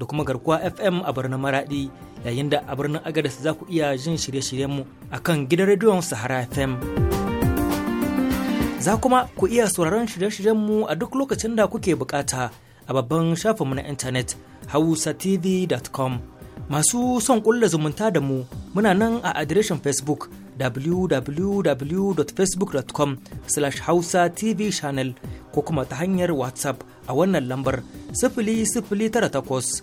da kuma garkuwa FM a birnin Maradi yayin da a birnin Agadez za ku iya jin shirye-shiryenmu a kan gidan rediyon Sahara FM. Za kuma ku iya sauraron shirye-shiryenmu a duk lokacin da kuke bukata a babban shafinmu na intanet hausatv.com. Masu son kulla zumunta da mu muna nan a adireshin Facebook www.facebook.com slash hausa tv channel ko kuma ta hanyar whatsapp a wannan lambar takwas.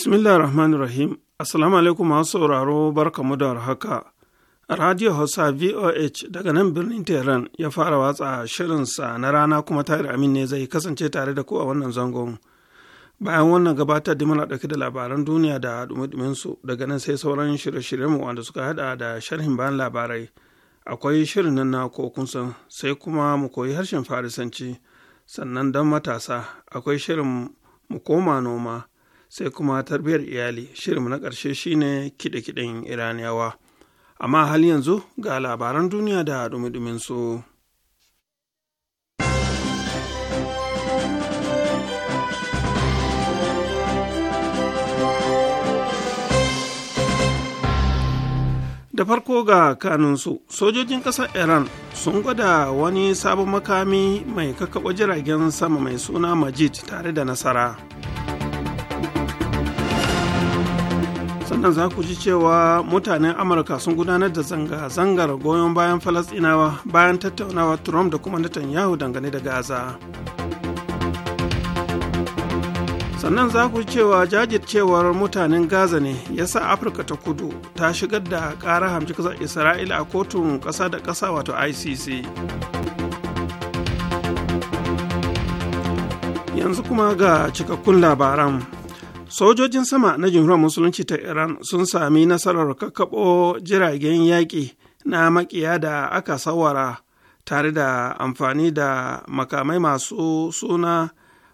Bismillah rahman rahim Assalamu alaikum masu sauraro barkamu da haka. Radio Hausa VOH daga nan birnin Tehran ya fara watsa shirinsa na rana kuma tare amin ne zai kasance tare da ku a wannan zangon. Bayan wannan gabatar da muna ɗauki da labaran duniya da dumi su daga nan sai sauran shirye-shiryenmu wanda suka haɗa da sharhin bayan labarai. Akwai shirin nan na kun san sai kuma mu koyi harshen Farisanci sannan don matasa akwai shirin mu koma noma. sai kuma tarbiyyar iyali shirinmu na ƙarshe shine kiɗe-kiɗen iraniyawa amma hal yanzu ga labaran duniya da dumi su. da farko ga kanunsu sojojin ƙasar iran sun gwada wani sabon makami mai kakaɓo jiragen sama mai suna majid tare da nasara sannan za ku ji cewa mutanen amurka sun gudanar da zanga-zangar goyon bayan falasɗinawa bayan tattaunawa trump da kuma netanyahu dangane da gaza sannan za ku cewa jajircewar mutanen gaza ne ya sa afirka ta kudu ta shigar da ƙara hamci kasar isra'ila a kotun ƙasa da ƙasa wato icc yanzu kuma ga cikakkun labaran Sojojin sama na Jamhuriyar Musulunci ta Iran sun sami nasarar kakkaɓo jiragen yaƙi na makiya da aka sawara tare da amfani da makamai masu suna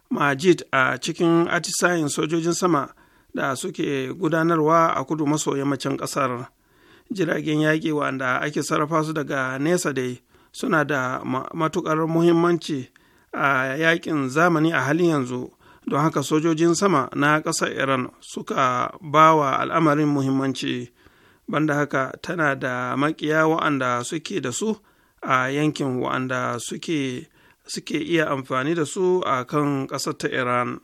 Majid a cikin atisayin sojojin sama da suke gudanarwa a kudu maso yammacin ƙasar. Jiragen yaƙi wanda ake sarrafa su daga nesa dai suna da matuƙar muhimmanci a yaƙin zamani a halin yanzu. don haka sojojin sama na ƙasar iran suka ba wa al'amarin muhimmanci banda haka tana da makiya wa'anda suke da su a yankin wa'anda suke suke iya amfani da su a kan ƙasar ta iran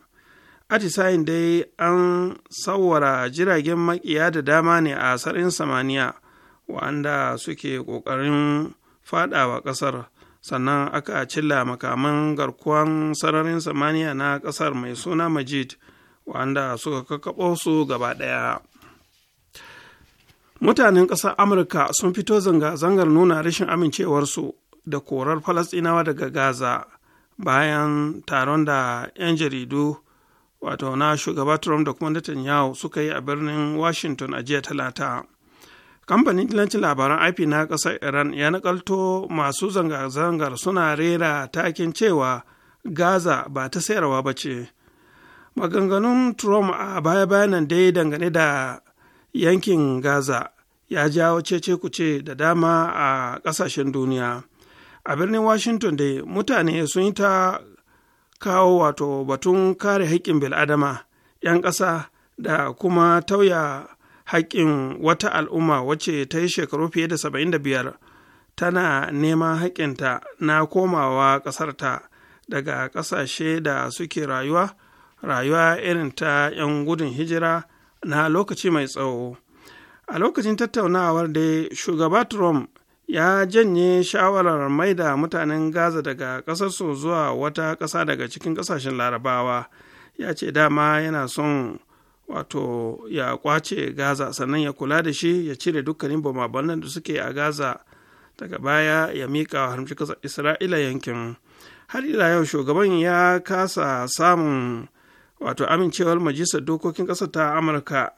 atisayin dai an sawara jiragen makiya da dama ne a sarin samaniya wa'anda suke ƙoƙarin faɗawa ƙasar sannan aka cilla makaman garkuwan sararin samaniya na kasar mai suna majid wanda suka kakkaɓo su gaba ɗaya mutanen ƙasar amurka sun fito zanga-zangar nuna rashin amincewarsu da korar falastinawa daga gaza bayan taron da 'yan jaridu wato na shugaba trump da kuma netanyahu suka yi a birnin washington a jiya talata kamfanin dillancin labaran ip na ƙasar iran ya nakalto masu zanga-zangar suna rera takin cewa gaza ba ta sayarwa ba ce maganganun trump a baya-bayanan dai dangane da yankin gaza ya jawo cece kuce da dama a kasashen duniya a birnin washington dai mutane sun yi ta kawo wato batun kare haƙƙin bil'adama 'yan ƙasa da kuma tauya haƙƙin wata al'umma wacce ta yi shekaru fiye da 75 tana neman haƙƙinta na komawa ƙasarta daga ƙasashe da suke rayuwa rayuwa irin ta 'yan gudun hijira na lokaci mai tsawo a lokacin tattaunawar da shugaba trump ya janye shawarar maida mutanen gaza daga ƙasarsu zuwa wata ƙasa daga cikin ƙasashen larabawa ya ce dama yana son wato ya kwace gaza sannan ya kula da shi ya cire dukkanin bamabannan da suke a gaza daga baya ya miƙa wa haramci ƙasar isra'ila yankin har ila yau shugaban ya kasa samun wato amincewar majalisar dokokin ƙasar ta amurka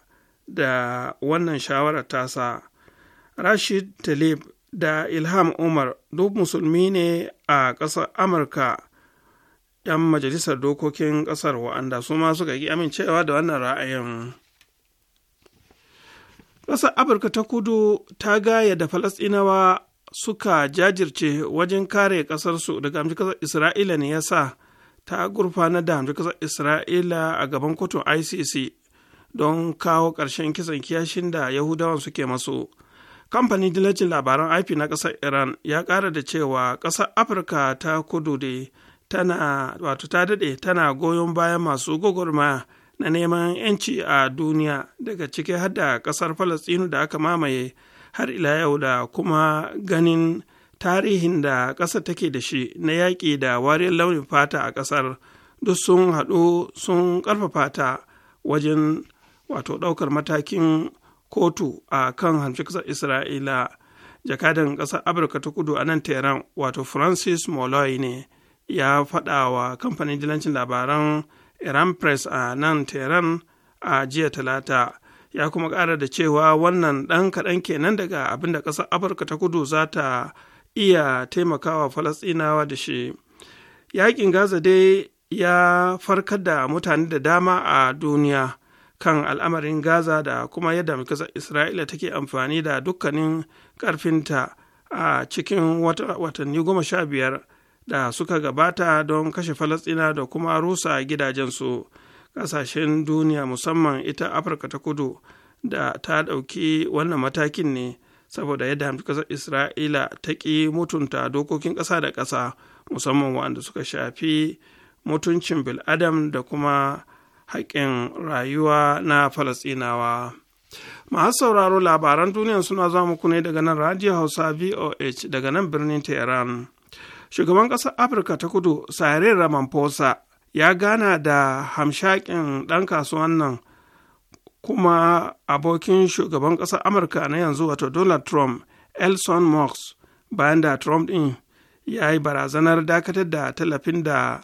da wannan shawarar tasa rashid talib da ilham umar duk musulmi ne a ƙasar amurka 'yan majalisar dokokin ƙasar wa'anda su ma suka yi amincewa da wannan ra'ayin ƙasar afirka ta kudu ta gaya da falasɗinawa suka jajirce wajen kare ƙasarsu daga amshi ƙasar isra'ila ne ya sa ta gurfana da amshi ƙasar isra'ila a gaban kotun icc don kawo ƙarshen kisan kiyashin da yahudawan suke masu kamfanin dilacin labaran ip na ƙasar iran ya ƙara da cewa ƙasar afirka ta kudu da tana wato ta daɗe tana goyon bayan masu gwagwarmaya na neman 'yanci a duniya daga ciki har da ƙasar falastinu da aka mamaye har ila yau da kuma ganin tarihin da ƙasa take da shi na yaƙi da wariyar launin fata a ƙasar duk sun haɗu sun ƙarfafa ta wajen wato ɗaukar matakin kotu a kan hanci ƙasar isra'ila jakadan ƙasar amurka ta kudu a nan teran wato francis molloy ne ya faɗa wa kamfanin dilancin labaran iran press a nan tehran a jiya talata ya kuma ƙara da cewa wannan ɗan kaɗan kenan daga abin da ƙasar afirka ta kudu za ta iya taimakawa falasɗinawa da shi yaƙin gaza dai ya farkar da mutane da dama a duniya kan al'amarin gaza da kuma yadda ƙasar isra'ila take amfani da dukkanin ƙarfinta a cikin watanni goma sha biyar da suka gabata don kashe falastina da kuma rusa gidajensu ƙasashen duniya musamman ita afirka ta kudu da ta ɗauki wannan matakin ne saboda yadda ƙasar isra'ila ta ƙi mutunta dokokin ƙasa da ƙasa musamman wanda suka shafi mutuncin bil'adam da kuma haƙƙin rayuwa na falasɗinawa. Masu sauraro labaran duniya suna zuwa muku daga nan Radio Hausa VOH daga nan birnin Tehran. shugaban ƙasar afirka ta kudu sare ramaphosa ya gana da hamshakin ɗan kasuwan nan kuma abokin shugaban ƙasar amurka na yanzu wato donald trump elson musk bayan da trump ɗin ya yi barazanar dakatar da tallafin da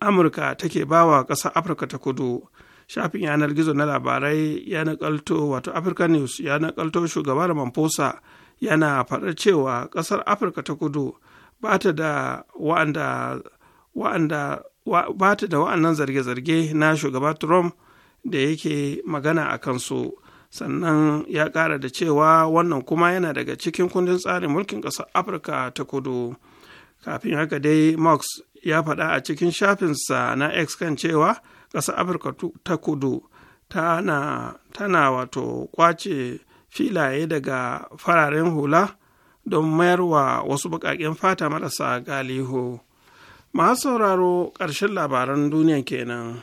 amurka take bawa ƙasar afirka ta kudu shafin yanar gizo na labarai ya nakalto wato african news ya nakalto shugaban ramaphosa yana faɗar cewa ƙasar afirka ta kudu ba ta da wa'anda wa'anda wa'annan zarge-zarge na shugaba Trump da yake magana a kansu sannan ya ƙara da cewa wannan kuma yana daga cikin kundin tsarin mulkin ƙasar afirka ta kudu kafin haka dai mox ya faɗa a cikin shafinsa na x kan cewa ƙasar afirka ta kudu tana, tana wato kwace filaye daga fararen hula don mayar wa wasu baƙaƙen fata marasa galihu masu sauraro ƙarshen labaran duniya kenan.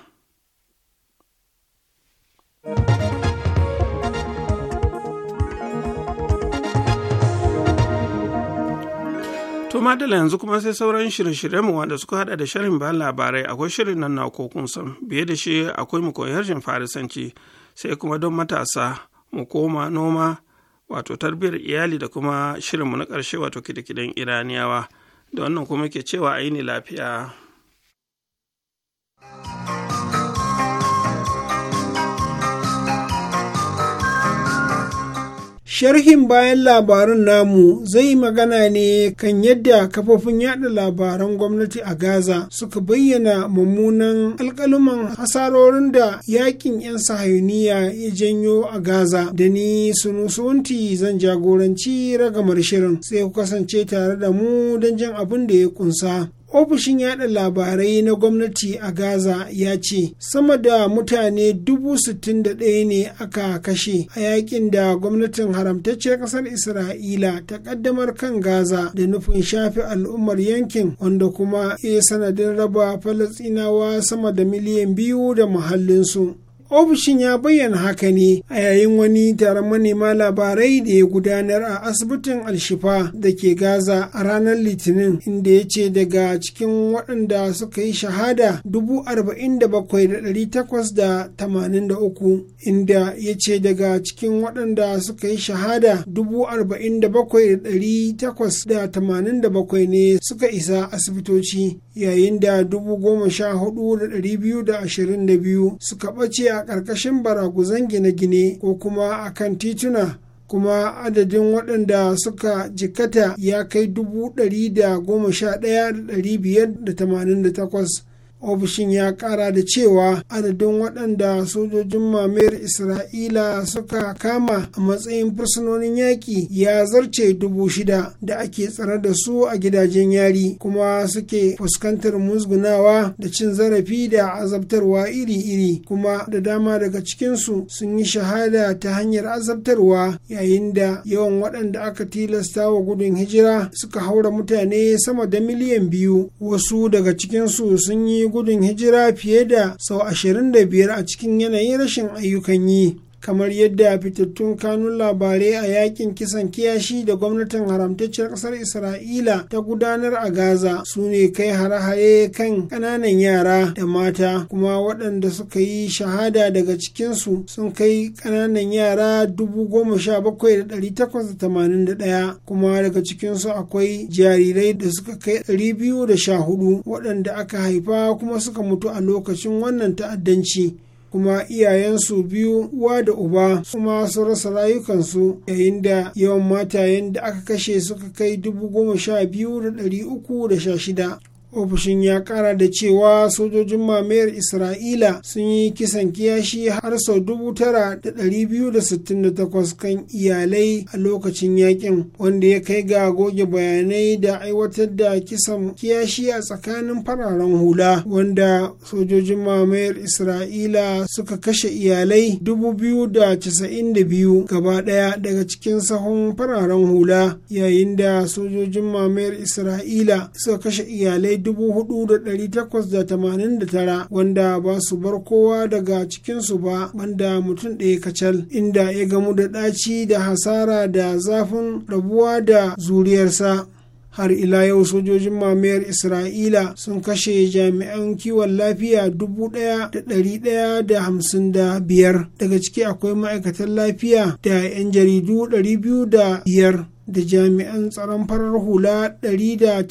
kuma da yanzu kuma sai sauran shirye-shirye mu wanda suka hada da sharhin ba labarai akwai shirin nan na kokun san biye da shi akwai mu koyi harshen farisanci sai kuma don matasa mu koma noma wato tarbiyyar iyali da kuma shirinmu na ƙarshe wato kidikidan iraniyawa da wannan kuma ke cewa aini lafiya. Sharhin bayan labarun namu zai magana ne kan yadda kafofin yada labaran gwamnati a Gaza suka bayyana mummunan alkaluman hasarorin da yakin 'yan sahayuniya ya janyo a Gaza da ni sunusunti zan jagoranci ragamar shirin sai ku kasance tare da mu don jan abin da ya kunsa. ofishin yada labarai na gwamnati a gaza ya ce sama da mutane dubu sittin da ɗaya ne aka kashe a yakin da gwamnatin haramtacciyar ƙasar isra'ila ta ƙaddamar kan gaza da nufin shafe al'ummar yankin wanda kuma ya sanadin raba falasinawa sama da miliyan biyu da muhallinsu ofishin ya bayyana haka ne a yayin wani taron manema labarai da ya gudanar a asibitin alshifa da ke gaza a ranar litinin inda ya ce daga cikin waɗanda suka yi shahada 47,883 inda ya ce daga cikin waɗanda suka yi shahada 47,887 ne suka isa asibitoci yayin da 14,222 suka ɓace a a ƙarƙashin baraguzan gine-gine ko kuma a kan tituna kuma adadin waɗanda suka jikata ya kai dubu goma ofishin ya kara da cewa adadin waɗanda sojojin mamayar isra'ila suka kama a matsayin fursunonin yaƙi ya zarce dubu shida da ake tsare da su a gidajen yari kuma suke fuskantar musgunawa da cin zarafi da azabtarwa iri-iri kuma da dama daga cikinsu sun yi shahada ta hanyar azabtarwa yayin da yawan waɗanda aka tilasta wa gudun hijira suka haura mutane sama da miliyan biyu wasu daga cikinsu sun yi gudun hijira fiye da sau 25 a cikin yanayin rashin ayyukan yi kamar yadda fitattun kanun labarai a yakin kisan kiyashi da gwamnatin haramtacciyar kasar isra'ila ta gudanar a gaza su ne kai hare-hare kan kananan yara da mata kuma waɗanda suka yi shahada daga cikinsu sun kai kananan yara 17,881 kuma daga cikinsu akwai jarirai da suka kai 214 waɗanda aka haifa kuma suka mutu a lokacin wannan ta'addanci kuma iyayensu biyu uwa da uba kuma su rasa rayukansu yayin da yawan matayen da aka kashe suka kai dubu goma sha biyu da ɗari uku da sha shida ofishin ya kara da cewa sojojin mamayar isra'ila sun yi kisan kiyashi har sau dubu tara da ɗari biyu da sittin da takwas kan iyalai a lokacin yakin wanda ya kai ga goge bayanai da aiwatar da kisan kiyashi a tsakanin fararen hula wanda sojojin mamayar isra'ila suka kashe iyalai dubu biyu da casa'in da biyu gaba ɗaya daga cikin sahun fararen hula yayin da sojojin mamayar isra'ila suka kashe iyalai 4,889 wanda ba su bar kowa daga cikinsu ba banda mutum ɗaya kacal inda ya gamu da ɗaci da hasara da zafin rabuwa da zuriyarsa. har ila yau sojojin mamayar isra'ila sun kashe jami'an kiwon lafiya dubu biyar daga ciki akwai ma'aikatan lafiya da 'yan jaridu ɗari da biyar da jami'an tsaron farar hula ɗari da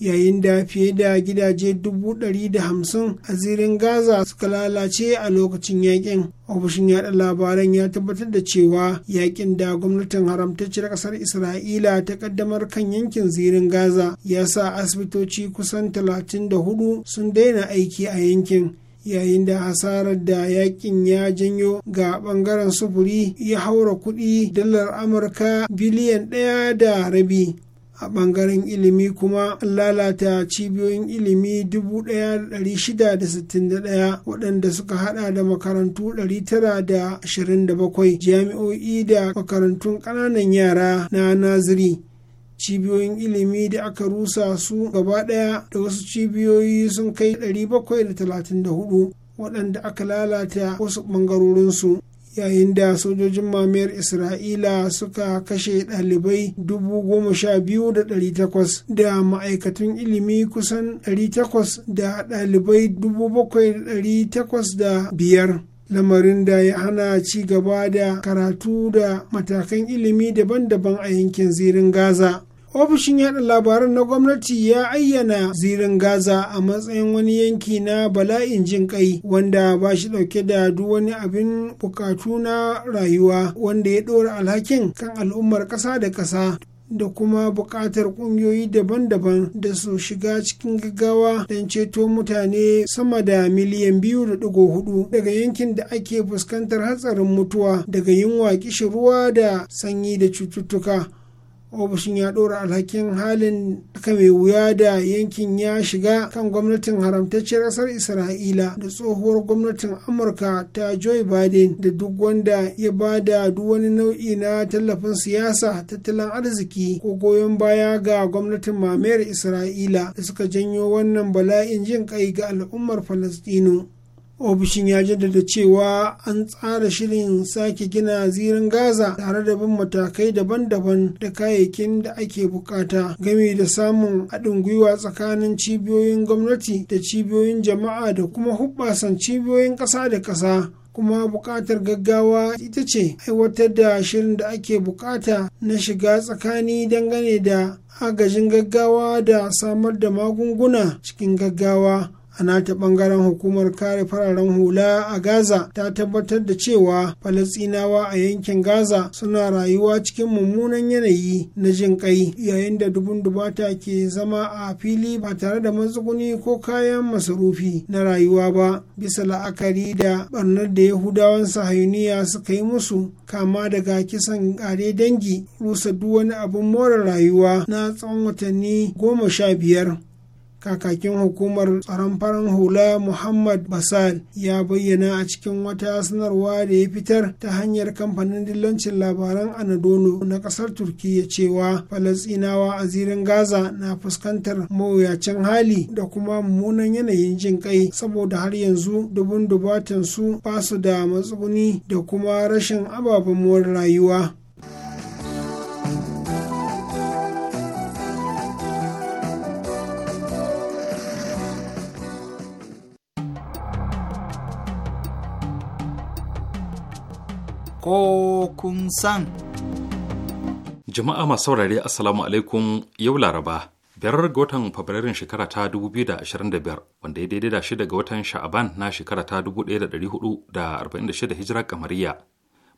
yayin da fiye da gidaje dubu da hamsin a zirin gaza suka lalace a lokacin yakin ofishin yada labaran ya tabbatar da cewa yakin da gwamnatin haramtacciyar ƙasar isra'ila ta kaddamar kan yankin zirin gaza ya sa asibitoci kusan talatin da hudu sun daina aiki a yankin yayin da hasarar da yakin ya janyo ga bangaren sufuri ya haura kudi dalar amurka biliyan ɗaya da rabi a ɓangaren ilimi kuma an lalata cibiyoyin ilimi 1661 waɗanda suka haɗa da makarantu 927 jami'o'i da makarantun ƙananan yara na naziri cibiyoyin ilimi da aka rusa su gaba ɗaya da wasu cibiyoyi sun kai 734 waɗanda aka lalata wasu ɓangarorinsu yayin da sojojin mamayar isra'ila suka kashe ɗalibai dubu goma sha da ɗari ma'aikatun ilimi kusan ɗari da ɗalibai dubu da biyar lamarin da ya hana ci gaba da karatu da matakan ilimi daban-daban a yankin zirin gaza ofishin yada labaran na gwamnati ya ayyana zirin gaza a matsayin wani yanki na bala'in jin kai wanda ba shi dauke da duk wani abin bukatu na rayuwa wanda ya ɗora alhakin kan al'ummar ƙasa da ƙasa da kuma buƙatar ƙungiyoyi daban-daban da su shiga cikin gaggawa don ceto mutane sama da miliyan biyu da ɗigo hudu daga yankin da ake fuskantar hatsarin mutuwa daga yunwa ruwa da sanyi da cututtuka. ofishin ya ɗora alhakin halin aka mai wuya da yankin ya shiga kan gwamnatin haramtacciyar ƙasar isra'ila da tsohuwar gwamnatin amurka ta joe biden da duk wanda ya ba da duk wani nau'i na tallafin siyasa tattalin arziki ko goyon baya ga gwamnatin mamayar isra'ila da suka janyo wannan bala'in jin kai ga al'ummar falastinu ofishin ya jaddada cewa an tsara shirin sake gina zirin gaza tare da bin matakai daban-daban da kayayyakin da ake bukata game da samun haɗin gwiwa tsakanin cibiyoyin gwamnati da cibiyoyin jama'a da kuma hubbasan cibiyoyin ƙasa da ƙasa kuma buƙatar gaggawa ita ce aiwatar da shirin da ake buƙata na shiga tsakani dangane da agajin gaggawa da samar da magunguna cikin gaggawa a nata bangaren hukumar kare fararen hula a gaza ta tabbatar da cewa falasinawa a yankin gaza suna rayuwa cikin mummunan yanayi na jin kai yayin da dubun dubata ke zama a fili ba tare da matsuguni ko kayan masarufi na rayuwa ba bisa la'akari da barnar da yahudawan sahayuniya suka yi musu kama daga kisan kare dangi rusa duk wani abin more rayuwa na tsawon watanni goma sha biyar kakakin hukumar tsaron farin hula muhammad basal ya bayyana a cikin wata sanarwa da ya fitar ta hanyar kamfanin dillancin labaran anadolu na kasar Turkiyya cewa falasinawa a zirin gaza na fuskantar mawuyacin hali da kuma mummunan yanayin jin kai saboda har yanzu dubun dubatan su ba da matsuguni da kuma rashin ababen rayuwa ko kun san. Jama'a masu saurare Assalamu alaikum yau Laraba. Biyar ga watan Fabrairun shekara ta 2025 wanda ya daidai da shida ga watan Sha'aban na shekara ta 1446 hijira kamariya.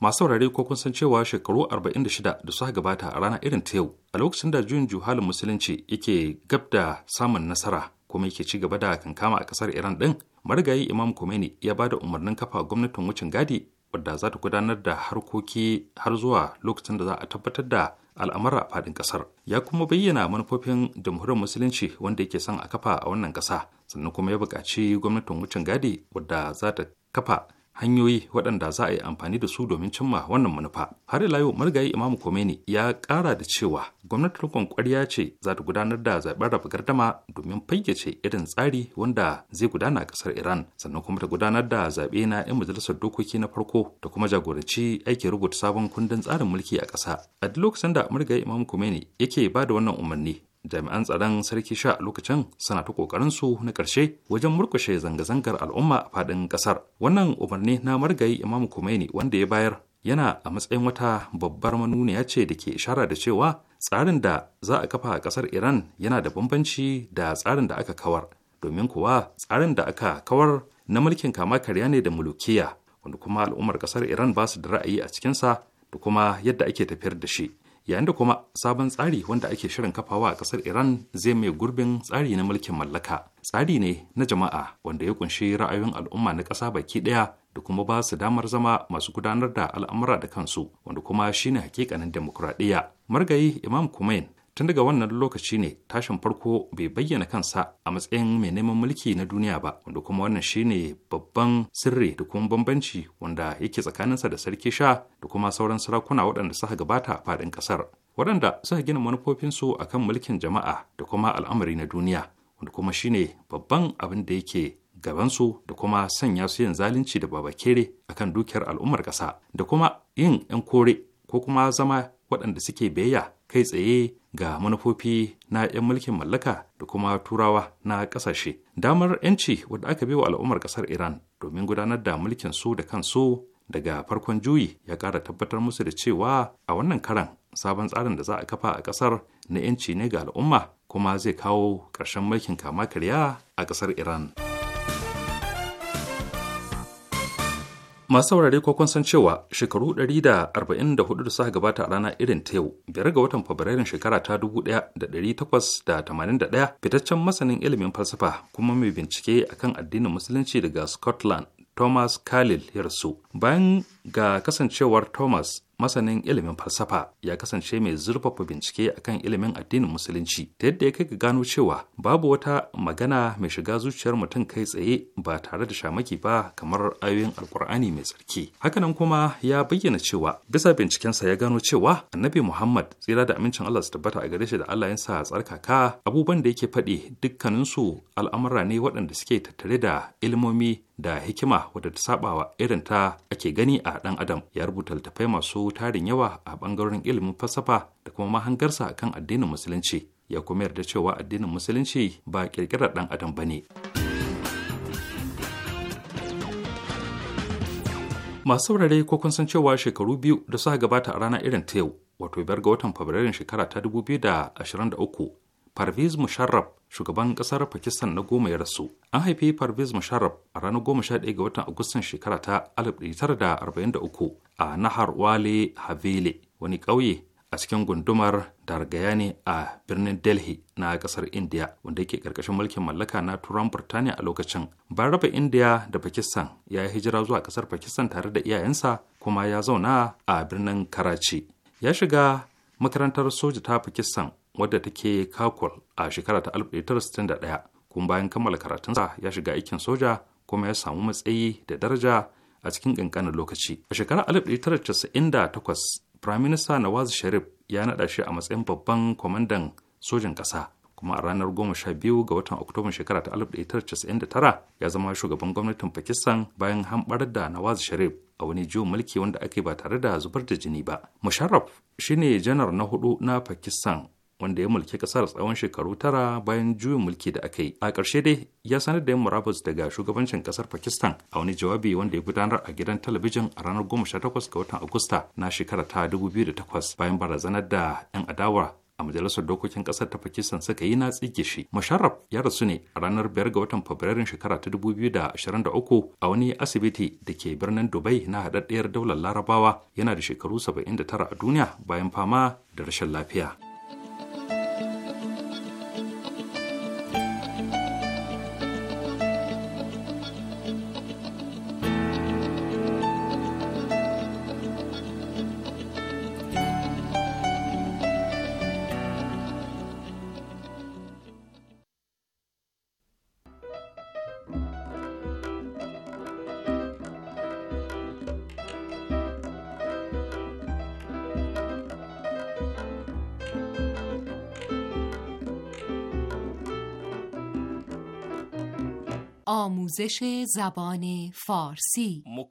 Masu saurare ko kun san cewa shekaru 46 da suka gabata a rana irin ta yau a lokacin da juyin juhalin musulunci yake gab da samun nasara kuma yake ci gaba da kankama a kasar Iran din marigayi Imam Khomeini ya ba da umarnin kafa gwamnatin wucin gadi wadda za ta gudanar da harkoki har zuwa lokacin da za a tabbatar da al'amura a faɗin ƙasar ya kuma bayyana manufofin jamhuriyar musulunci wanda yake son a kafa a wannan ƙasa sannan kuma ya buƙaci gwamnatin wucin gadi wadda za ta kafa hanyoyi waɗanda za a yi amfani da su domin cimma wannan manufa. Har ila yau marigayi Imam Khomeini ya kara da cewa gwamnatin riƙon ƙwarya ce za ta gudanar da zaɓen raba gardama domin fayyace irin tsari wanda zai gudana a ƙasar Iran sannan kuma ta gudanar da zaɓe na 'yan majalisar dokoki na farko da kuma jagoranci aikin rubuta sabon kundin tsarin mulki a ƙasa. A duk lokacin da marigayi imam Khomeini yake ba da wannan umarni jami'an tsaron sarki sha a lokacin suna ta kokarin su na karshe wajen murkushe zanga-zangar al'umma a fadin kasar wannan umarni na margayi imamu kumaini wanda ya bayar yana a matsayin wata babbar manuniya ce da ke ishara da cewa tsarin da za a kafa a kasar iran yana da bambanci da tsarin da aka kawar domin kuwa tsarin da aka kawar na mulkin kama karya ne da mulukiya wanda kuma al'ummar kasar iran ba su da ra'ayi a cikinsa da kuma yadda ake tafiyar da shi yayin da kuma sabon tsari wanda ake shirin kafawa a kasar iran zai mai gurbin tsari na mulkin mallaka tsari ne na jama'a wanda ya kunshi ra'ayoyin al'umma na ƙasa baki ɗaya da kuma ba su damar zama masu gudanar da al'amura da kansu wanda kuma shine hakikanin demokuraɗiyya margayi imam kumain tun daga wannan lokaci ne tashin farko bai bayyana kansa a matsayin mai neman mulki na duniya ba wanda kuma wannan shine babban sirri da kuma bambanci wanda yake tsakaninsa da sarki sha da kuma sauran sarakuna waɗanda suka gabata faɗin ƙasar waɗanda suka gina manufofinsu a kan mulkin jama'a da kuma al'amari na duniya wanda kuma shine babban abin da yake gabansu da kuma sanya su yin zalunci da babakere akan dukiyar al'ummar ƙasa da kuma yin 'yan kore ko kuma zama waɗanda suke biyayya kai tsaye ga manufofi na 'yan mulkin mallaka da kuma turawa na ƙasashe. Damar 'yanci wadda aka bi wa al'ummar ƙasar Iran domin gudanar da mulkin su da kansu daga farkon juyi ya ƙara tabbatar musu da cewa a wannan karan sabon tsarin da za a kafa a ƙasar na 'yanci ne ga al'umma kuma zai kawo ƙarshen mulkin kama karya a ƙasar Iran. masu saurare ko kun san cewa shekaru 144 da suka gabata a rana irin ta yau biyar ga watan fabrairun shekara ta 1881 fitaccen masanin ilimin falsafa kuma mai bincike a kan addinin musulunci daga scotland thomas kalil ya bayan ga kasancewar thomas masanin ilimin falsafa ya kasance mai zurfafa bincike akan ilimin addinin musulunci ta yadda ya kai ga gano cewa babu wata magana mai shiga zuciyar mutum kai tsaye ba tare da shamaki ba kamar ayoyin alkur'ani mai tsarki hakanan kuma ya bayyana cewa bisa bincikensa ya gano cewa annabi muhammad tsira da amincin allah su tabbata a gare shi da allah yansa tsarkaka abubuwan da yake faɗi dukkaninsu al'amura ne waɗanda suke tattare da ilmomi. da hikima wadda ta sabawa irin ta ake gani a ɗan adam ya rubuta littattafai masu tarin yawa a bangaren ilimin falsafa da kuma mahangarsa kan addinin musulunci ya kuma yarda cewa addinin musulunci ba kirkirar ɗan adam ba ne. masu saurare ko kun san cewa shekaru biyu da suka gabata a rana irin ta yau wato biyar ga watan fabrairun shekara ta 2023 Parvez Musharraf shugaban kasar Pakistan na goma ya rasu. An haifi Parvez Musharraf a ranar goma sha ɗaya ga watan Agustan shekara ta 1943 a Nahar Wale Havele wani ƙauye a cikin gundumar Dargayani a birnin Delhi na ƙasar India wanda yake ƙarƙashin mulkin mallaka na Turan Burtaniya a lokacin. Bayan raba India da Pakistan ya yi hijira zuwa ƙasar Pakistan tare da iyayensa kuma ya zauna a birnin Karachi. Ya shiga makarantar soja ta Pakistan wadda take kakul a shekara ta 1961 kuma bayan kammala karatunsa ya shiga aikin soja kuma ya samu matsayi da daraja a cikin ƙanƙanin lokaci a shekarar 1998 prime minister nawaz sharif ya naɗa shi a matsayin babban kwamandan sojin ƙasa kuma a ranar 12 ga watan oktoban shekara ta 1999 ya zama shugaban gwamnatin pakistan bayan hambar da nawaz sharif a wani jiwon mulki wanda ake ba tare da zubar da jini ba musharraf shine janar na hudu na pakistan wanda ya mulki kasar tsawon shekaru tara bayan juyin mulki da aka yi a ƙarshe dai ya sanar da yin murabus daga shugabancin kasar pakistan a wani jawabi wanda ya gudanar a gidan talabijin a ranar 18 ga watan agusta na shekara ta 2008 bayan barazanar da 'yan adawa a majalisar dokokin kasar ta pakistan suka yi na tsige shi musharraf ya rasu ne a ranar 5 ga watan fabrairun shekara ta 2023 a wani asibiti da ke birnin dubai na haɗaɗɗiyar daular larabawa yana da shekaru saba'in da tara a duniya bayan fama da rashin lafiya. آموزش زبان فارسی mu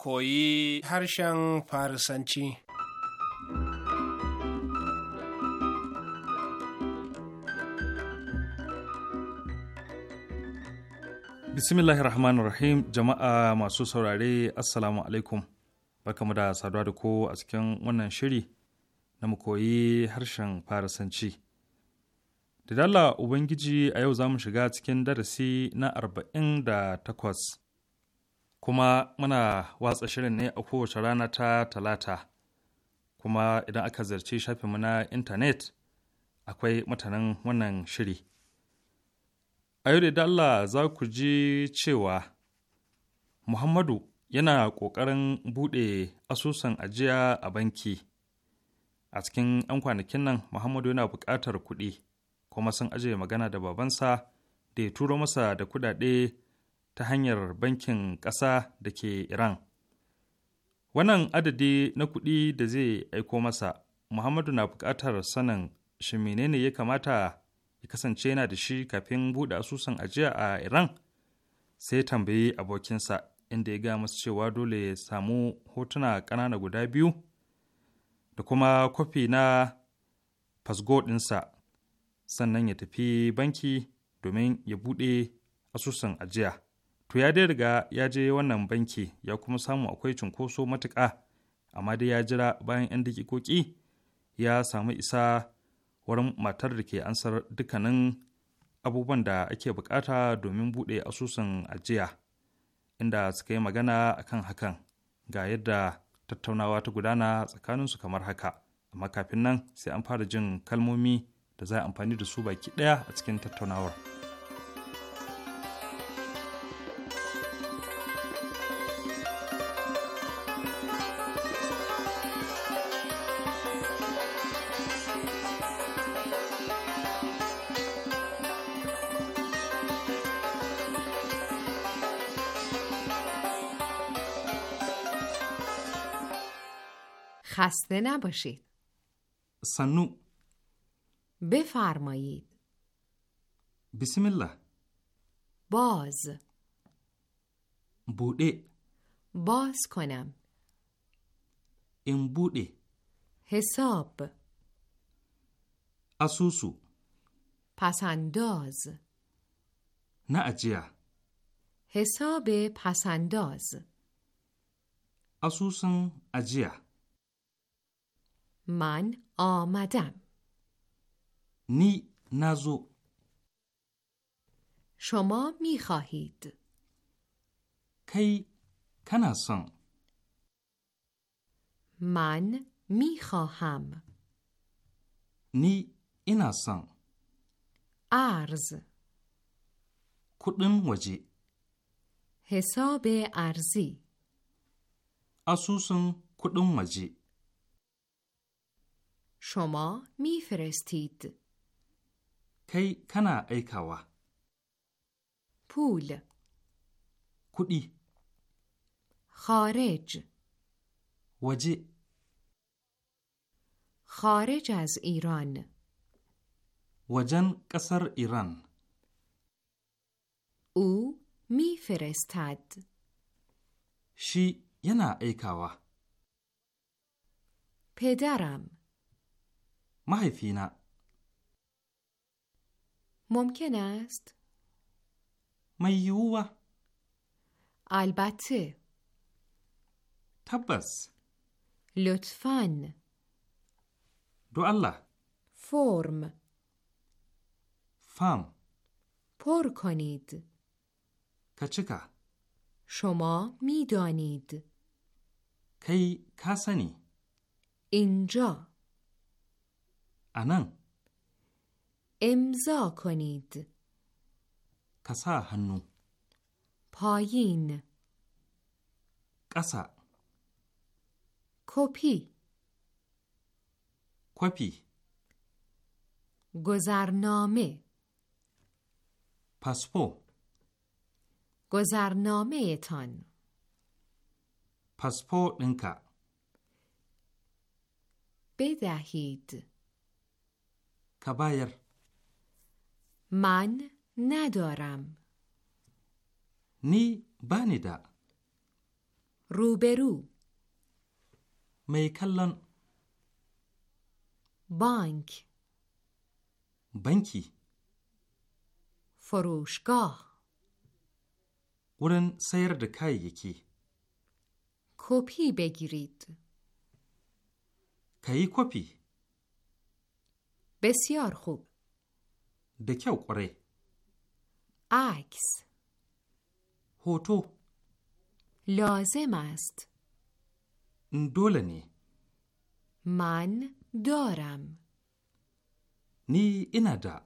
هرشن فارسنچی faransanci. rahmanir rahim jama'a masu saurare assalamu alaikum barkamu da saduwa da ko a cikin wannan shiri na mu koyi harshen farasanci Da Ubangiji a yau za mu shiga cikin darasi na arba'in da takwas, kuma muna watsa shirin ne a kowace rana ta talata, kuma idan aka zarci shafinmu na intanet akwai mutanen wannan shiri. A yau da dalla za ku ji cewa Muhammadu yana ƙoƙarin buɗe asusun ajiya a banki. A cikin 'yan kwanakin nan, Muhammadu yana buƙatar kuɗi. kuma sun ajiye magana da babansa da ya turo masa da kudade ta hanyar bankin ƙasa da ke Iran. Wannan adadi na kuɗi da zai aiko masa, Muhammadu na bukatar sanin shi menene ya kamata ya kasance yana da shi kafin buɗe asusun ajiya a Iran? Sai ya tambayi abokinsa inda ya ga masa cewa dole ya samu hotuna ƙanana guda biyu da kuma kwafi na fasgo ɗinsa sannan ya tafi banki domin ya buɗe asusun ajiya. To ya dai riga ya je wannan banki ya kuma samu akwai cunkoso matuƙa, amma dai ya jira bayan 'yan dakikoki ya samu isa wurin matar da ke ansar dukkanin abubuwan da ake bukata domin buɗe asusun ajiya, inda suka yi magana akan hakan ga yadda tattaunawa ta gudana tsakaninsu kamar haka. Amma kafin nan sai an fara jin kalmomi da za a amfani da su baki daya a cikin tattaunawar. خسته نباشید. سنو بفرمایید بسم الله باز بوده باز کنم این بوده حساب اسوسو پسنداز نه اجیا حساب پسنداز اسوسن اجیا من آمدم نی نزو شما می خواهید کی کناسان من می خواهم نی ایناسان ارز کدن وجه حساب ارزی اسوسن کدن وجه شما میفرستید kai kana aikawa. Pul. Kuɗi. Kharij Waje Kharij az Iran Wajen ƙasar Iran U mi ferestad Shi yana aikawa. Pedaram Mahaifina ممکن است؟ میوه البته تبس لطفاً دو الله فرم فام پر کنید کچکا شما میدانید کی کسنی اینجا انن امضا کنید کسا هنو پایین کسا کپی کپی گذرنامه پاسپو گذرنامه تان پاسپو لنکا. بدهید کبایر من ندارم نی بانی دا روبرو می کلن بانک بانکی فروشگاه ورن سیر دکای یکی کپی بگیرید کی کپی بسیار خوب دکیه او کوره؟ عکس هوتو لازم است دولنی نی؟ من دارم نی اینه دا.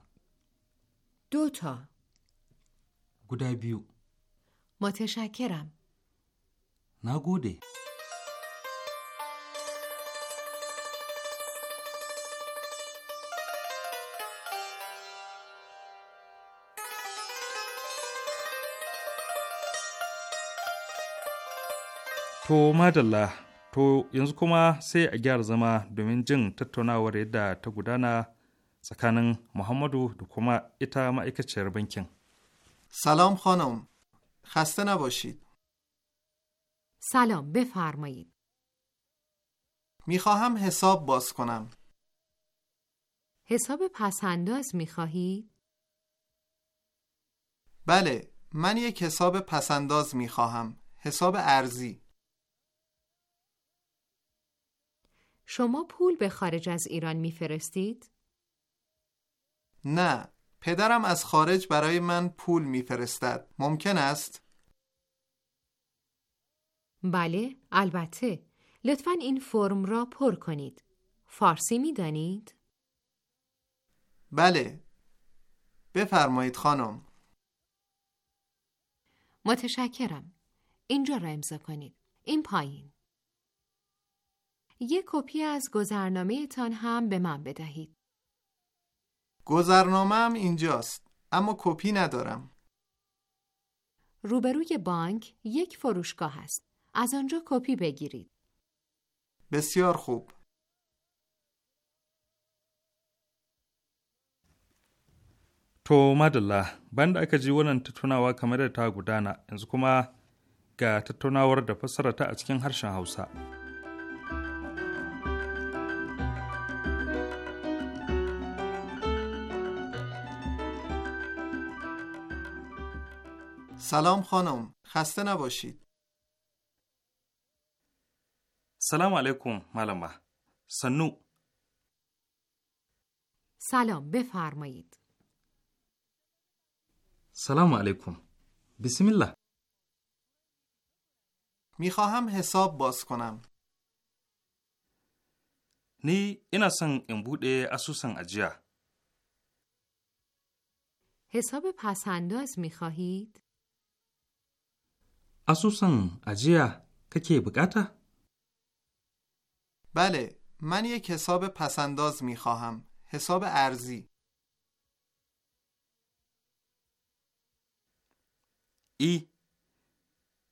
دوتا گوده بیو متشکرم نگوده To madalla to yanzu kuma sai a gyara zama domin jin tattaunawar yadda ta gudana tsakanin Muhammadu da kuma ita ma'aikaciyar bankin. سلام خانم خسته نباشید سلام بفرمایید میخواهم حساب باز کنم حساب پسنداز میخواهید؟ بله من یک حساب پسنداز میخواهم حساب ارزی شما پول به خارج از ایران میفرستید؟ نه، پدرم از خارج برای من پول میفرستد. ممکن است؟ بله، البته. لطفا این فرم را پر کنید. فارسی می دانید؟ بله. بفرمایید خانم. متشکرم. اینجا را امضا کنید. این پایین. یک کپی از گذرنامه تان هم به من بدهید. گذرنامه هم اینجاست اما کپی ندارم. روبروی بانک یک فروشگاه است. از آنجا کپی بگیرید. بسیار خوب. To madalla, banda aka ji wannan tattaunawa kamar da ta gudana, yanzu kuma ga tattaunawar da fassara ta a cikin harshen سلام خانم خسته نباشید سلام علیکم ملما سنو سلام بفرمایید سلام علیکم بسم الله میخواهم حساب باز کنم نی این سن این بوده اسوسن اجیا حساب پسنداز میخواهید؟ asusun ajiya kake bukata؟ بله من یک حساب پسنداز می خواهم حساب ارزی ای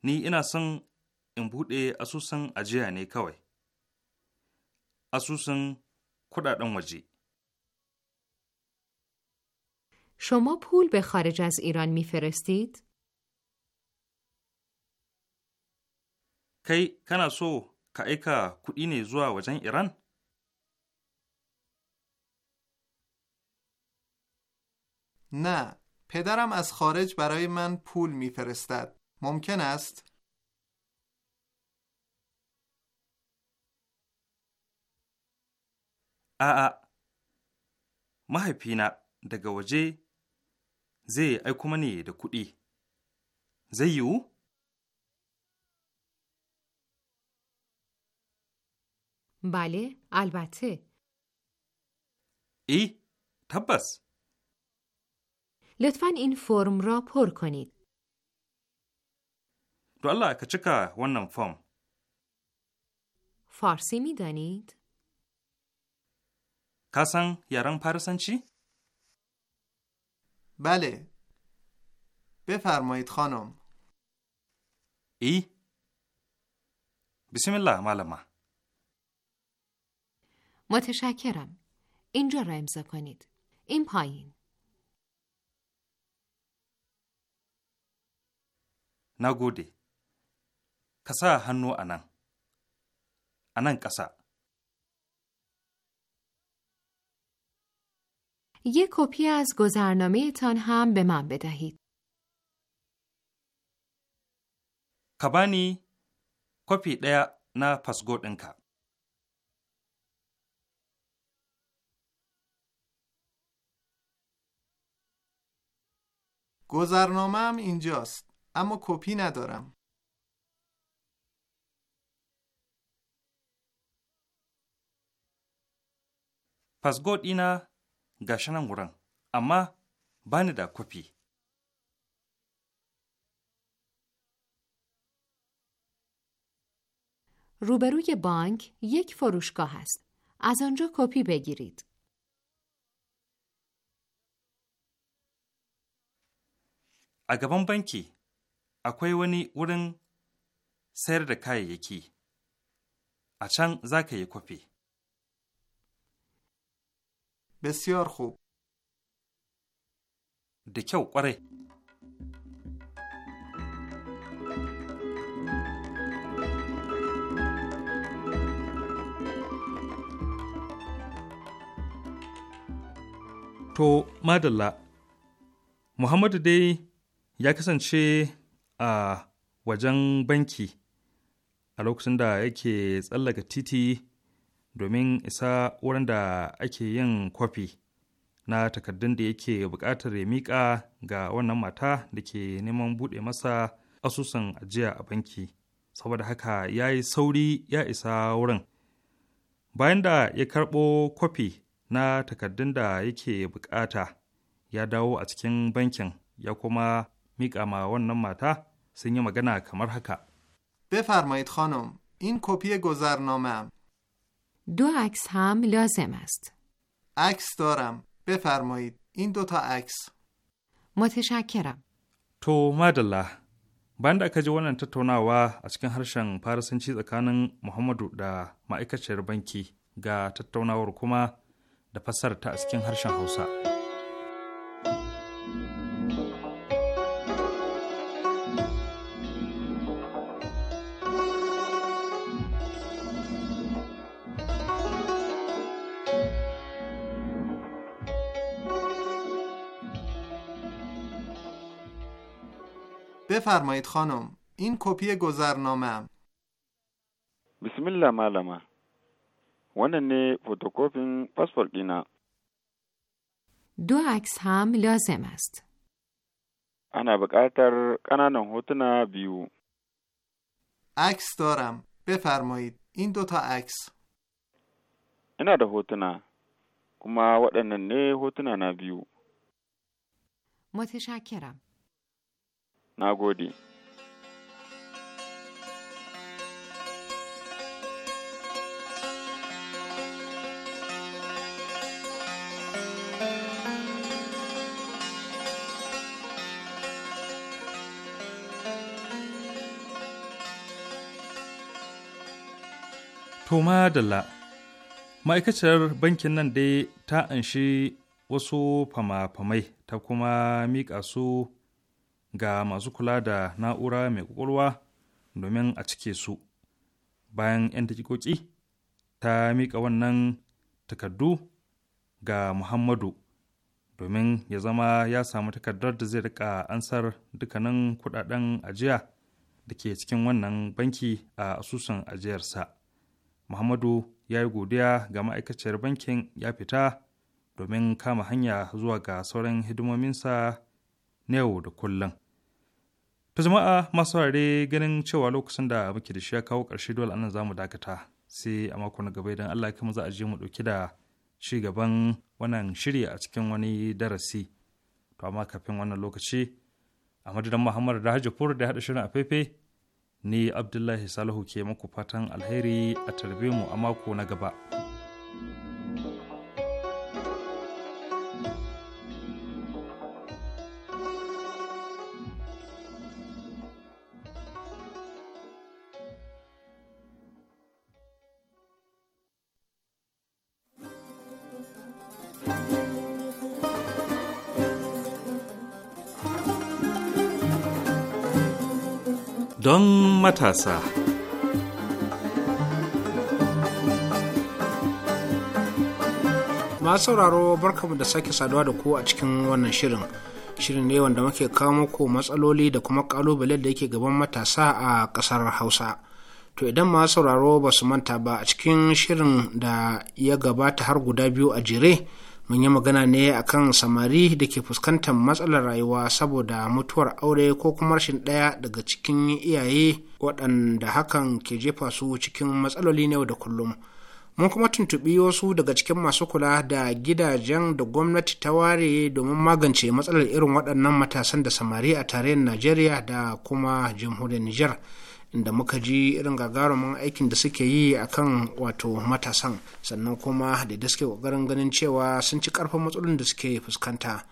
نی اینا سن in buɗe asusun ajiya ne kawai asusun شما پول به خارج از ایران میفرستید؟ Kai kana so ka aika kuɗi ne zuwa wajen Iran? نه پدرم از خارج برای من پول میفرستد ممکن است a'a mahaifina daga waje zai aiko mani da kuɗi zai yiwu بله البته ای تبس لطفا این فرم را پر کنید تو الله که ونم فرم فارسی می دانید؟ کسان یاران پرسن چی؟ بله بفرمایید خانم ای بسم الله مالما. متشکرم. اینجا را امضا کنید. این پایین. نگودی. کسا هنو انان. انان کسا. یک کپی از گذرنامه تان هم به من بدهید. کبانی کپی دیا نا پسگود انکا. گذرنامه هم اینجاست اما کپی ندارم پس گود اینا گشنم اما بانی دا کپی روبروی بانک یک فروشگاه است. از آنجا کپی بگیرید. A gaban banki akwai wani wurin sayar da kayayyaki. A can za ka yi kwafi. بسیار خوب da kyau kwarai to madalla muhammadu dai ya kasance a wajen banki a lokacin da yake tsallaka titi domin isa wurin da ake yin kwafi na takardun da yake buƙatar ya miƙa ga wannan mata da ke neman buɗe masa asusun ajiya a banki saboda haka ya yi sauri ya isa wurin bayan da ya karɓo kwafi na takardun da yake buƙata ya dawo a cikin bankin ya kuma miƙa ma wannan mata sun yi magana kamar haka. بفرمایید خانم این کپی گذرنامه aks ham lazim ast. Aks daram, دارم in do ta aks. متشکرم To, madalla, bayan da aka ji wannan tattaunawa a cikin harshen farisanci tsakanin muhammadu da ma'aikaciyar banki ga tattaunawar kuma da fassarta a cikin harshen hausa. بفرمایید خانم این کپی گذرنامه هم. بسم الله معلمه وانه نی پاسپورت fasfol نه. دو عکس هم لازم است. انا بقاتر قنانن هوتنا بیو. عکس دارم. بفرمایید. این دوتا عکس. ده ده هوتنا کما ودنن نه هوتنا نا بیو. متشکرم. Na gode. Toma Dalla Ma'aikaciyar bankin nan dai ta anshi wasu fama-famai ta kuma miƙa su ga masu kula da na'ura mai kwakwalwa domin a cike su bayan 'yan dakikoki ta miƙa wannan takardu ga muhammadu domin ya zama ya samu takardar da zai rika ansar dukkanin kudaden ajiya da ke cikin wannan banki a asusun ajiyarsa muhammadu ya yi godiya ga ma'aikaciyar bankin ya fita domin kama hanya zuwa ga sauran hidimominsa na yau da kullum ta jama'a masu ware ganin cewa lokacin da muke da shi ya kawo ƙarshe dole anan zamu dakata sai a mako na gaba idan Allah ya za a je mu ɗauki da ci gaban wannan shiri a cikin wani darasi to amma kafin wannan lokaci a madadin Muhammad da Hajjafur da haɗa shirin a faifai ni Abdullahi Salihu ke muku fatan alheri a tarbe mu a mako na gaba. matasa. Masu sauraro barkamu da sake saduwa da ku a cikin wannan shirin. Shirin ne wanda muke kawo muku matsaloli da kuma kalubalen da yake gaban matasa a ƙasar Hausa. To idan masu sauraro ba su manta ba a cikin shirin da ya gabata har guda biyu a jere. mun yi magana ne a kan samari da ke fuskantar matsalar rayuwa saboda mutuwar aure ko kuma rashin ɗaya daga cikin iyaye waɗanda hakan ke jefa su cikin matsaloli na yau da kullum mun kuma tuntuɓi wasu daga cikin masu kula da gidajen da gwamnati ta ware domin magance matsalar irin waɗannan matasan da samari a tarayyar najeriya da kuma jamhuriyar nijar da muka ji irin gagarumin aikin da suke yi a kan wato matasan sannan kuma da da suke ƙoƙarin ganin cewa sun ci karfin matsalolin da suke fuskanta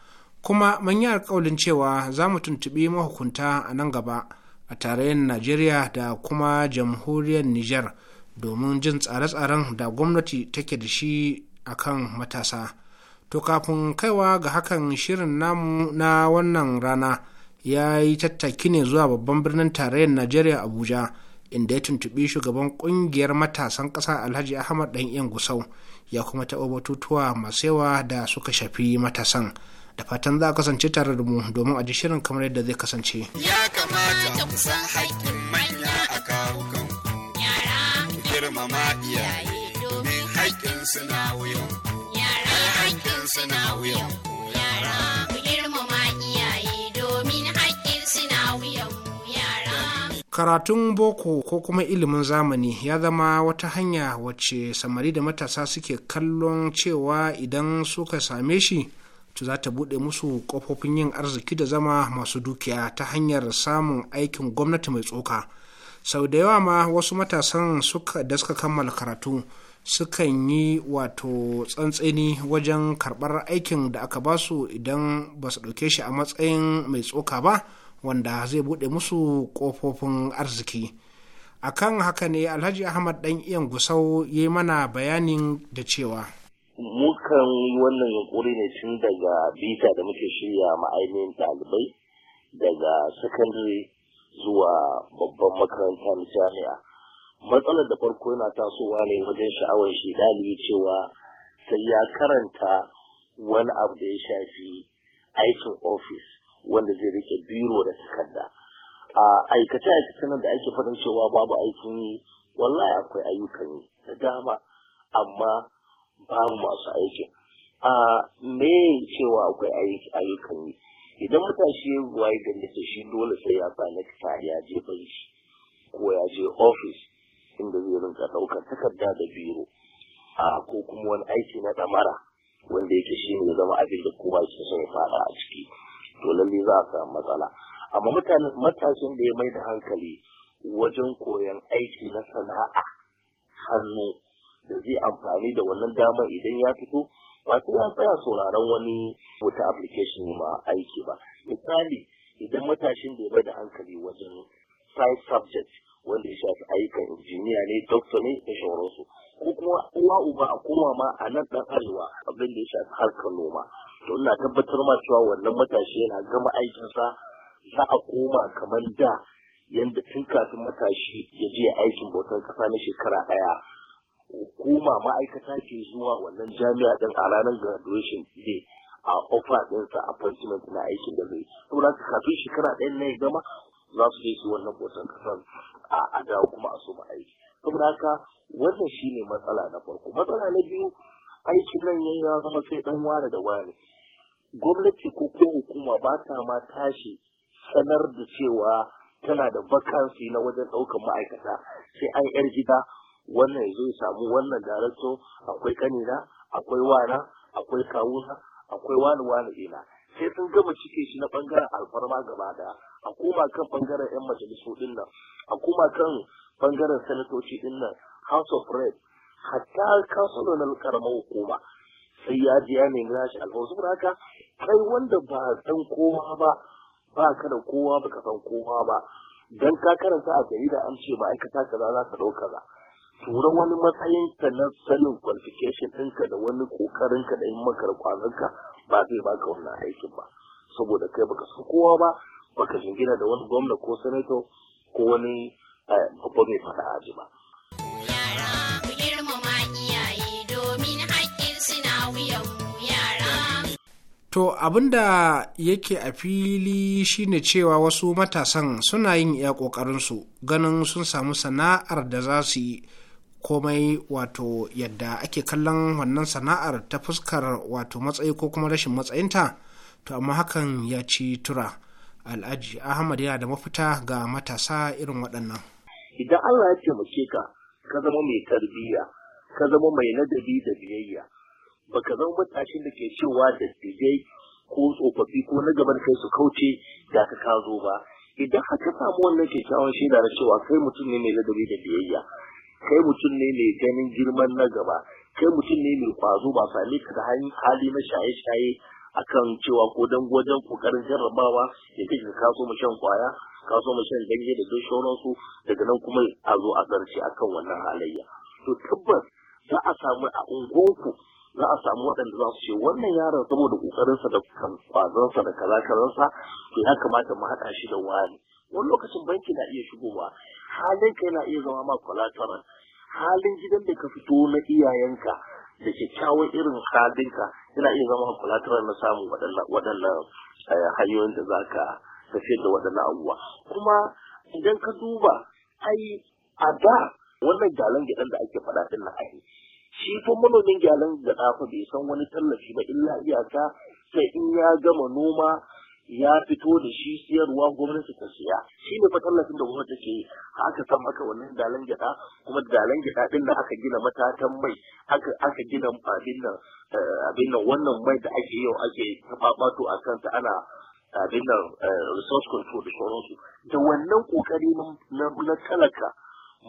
kuma mun yi alƙawalin cewa za mu tuntuɓi mahukunta a nan gaba a tarayyar najeriya da kuma jamhuriyar niger domin jin tsare-tsaren da gwamnati take da shi a kan matasa to kafin kaiwa ga hakan shirin namu na wannan rana ya yi tattaki ne zuwa babban birnin tarayyar najeriya abuja inda ya tuntuɓi shugaban ƙungiyar matasan ƙasa alhaji ahmad ɗan yan gusau ya kuma taɓa batutuwa masu yawa da suka shafi matasan da fatan za a kasance tare da mu domin a ji shirin kamar yadda zai kasance ya kamata mu san haƙƙin manya a kawukan yara girmama iyaye domin haƙƙin suna wuyan yara haƙƙin suna wuyan yara girmama karatun boko ko kuma ilimin zamani ya zama wata hanya wacce samari da matasa suke kallon cewa idan suka same shi to za ta buɗe musu ƙofofin yin arziki da zama masu dukiya ta hanyar samun aikin gwamnati mai tsoka sau da yawa ma wasu matasan suka da suka kammala karatu sukan yi wato tsantseni wajen karɓar aikin da aka basu idan ba su ɗauke shi a matsayin mai tsoka ba wanda zai buɗe musu kofofin arziki akan haka ne alhaji ahmad dan iyan gusau ya yi mana bayanin da cewa mukan wannan yunkuri ne tun daga bita da muke shirya ma'ainihin ɗalibai daga sakandare zuwa babban makaranta na jami'a matsalar da farko yana tasowa ne wajen sha'awar shi ɗalibi cewa sai ya karanta wani abu da ya shafi aikin ofis wanda zai rike biro da takarda a aikace aikace nan da ake fadin cewa babu aikin yi wallahi akwai ayyukan yi da dama amma babu masu aikin a me cewa akwai ayyukan yi idan matashi ya waye gani sai shi dole sai ya sa nekta ya je banki ko ya je ofis inda zai rinka ɗaukar takarda da biro a ko kuma wani aiki na damara wanda yake shi ne zama abin da kuma ke son ya fara a ciki to lalle za a samu matsala amma mutane matashin da ya mai da hankali wajen koyon aiki na sana'a hannu da zai amfani da wannan dama idan ya fito ba sai ya tsaya sauraron wani wata application ma aiki ba misali idan matashin da ya mai da hankali wajen five subjects, wanda ya shafi ayyukan injiniya ne doctor ne da shauransu ko kuma uwa uba a koma ma a nan dan arewa abin da ya shafi harkar noma to ina tabbatar ma cewa wannan matashi yana gama aikinsa za a koma kamar da yadda tun kafin matashi ya je aikin bautar kasa na shekara ɗaya hukuma ma'aikata ke zuwa wannan jami'a ɗin a ranar graduation day a ofa ɗinsa appointment na aikin da zai ka kafin shekara ɗayan na ya gama za su je su wannan bautar kasa a dawo kuma a so aiki saboda haka wannan shine matsala na farko matsala na biyu aikin nan ya zama sai dan ware da ware gwamnati ko ko hukuma ba ta ma tashi sanar da cewa tana da vacancy na wajen ɗaukar ma'aikata sai an yar gida wannan ya ya samu wannan darato akwai kanina akwai wana akwai kawuna akwai wani wani ina sai sun gama cike shi na bangaren alfarma gaba daya a koma kan bangaren yan majalisu din nan a koma kan bangaren sanatoci din nan house of reps hatta kansunan karamar hukuma sai ya je ya nemi nashi alfawar saboda haka kai wanda ba san kowa ba ba ka da kowa ba ka san kowa ba dan ka karanta a jarida an ce ma'aikata ka za ka ɗauka kaza tura wani matsayin ka na sanin qualification ɗinka da wani kokarin ka da yin maka da ka ba zai baka wannan aikin ba saboda kai baka san kowa ba baka jingina da wani gwamna ko sanato ko wani eh, babba mai fada aji ba. To abin da yake a fili shine cewa wasu matasan suna yin iya ƙoƙarinsu ganin sun samu sana'ar da za su yi komai wato yadda ake kallon wannan sana'ar ta fuskar wato matsayi ko kuma rashin matsayinta to amma hakan ya ci tura al'aji ahmad yana da mafita ga matasa irin waɗannan idan allah ya ce ka zama mai tarbiyya ka zama mai nadabi da biyayya baka zama matashin da ke cewa da dai ko tsofaffi ko na gaban kai su kauce da ka kazo ba idan haka samu wannan kyakkyawan shaida na cewa kai mutum ne mai ladabi da biyayya kai mutum ne mai ganin girman na gaba kai mutum ne mai kwazo ba sami ka da hali na shaye-shaye akan cewa ko dan wajen kokarin jarrabawa ya kai ka kaso mu shan kwaya kaso mu shan ganye da don sauransu daga nan kuma a zo a zarce akan wannan halayya to tabbas za a samu a unguwanku za a samu waɗanda za su ce wannan yaron saboda ƙoƙarinsa da kwazonsa da kaza kazansa to ya kamata mu haɗa shi da wani wani lokacin banki na iya shigowa halin ka yana iya zama ma kwalatara halin gidan da ka fito na iyayenka da kyakkyawan irin halinka yana iya zama kwalatara na samun waɗannan eh, hanyoyin da za ka tafiyar da waɗannan abubuwa kuma idan ka duba ai a da wannan galan gidan da ake faɗa ɗin na ai shi kuma manomin gyalan gyaɗa fa bai san wani tallafi ba illa iyaka sai in ya gama noma ya fito da shi siyarwa gwamnati ta siya shi ne tallafin da gwamnati ke aka san maka wannan dalan gyaɗa kuma dalan gyaɗa din da aka gina matatan mai aka aka gina abin nan eh, abin nan wannan mai da ake yau ake fafato a kanta ana abin nan eh, resource control da sauransu da wannan kokari na talaka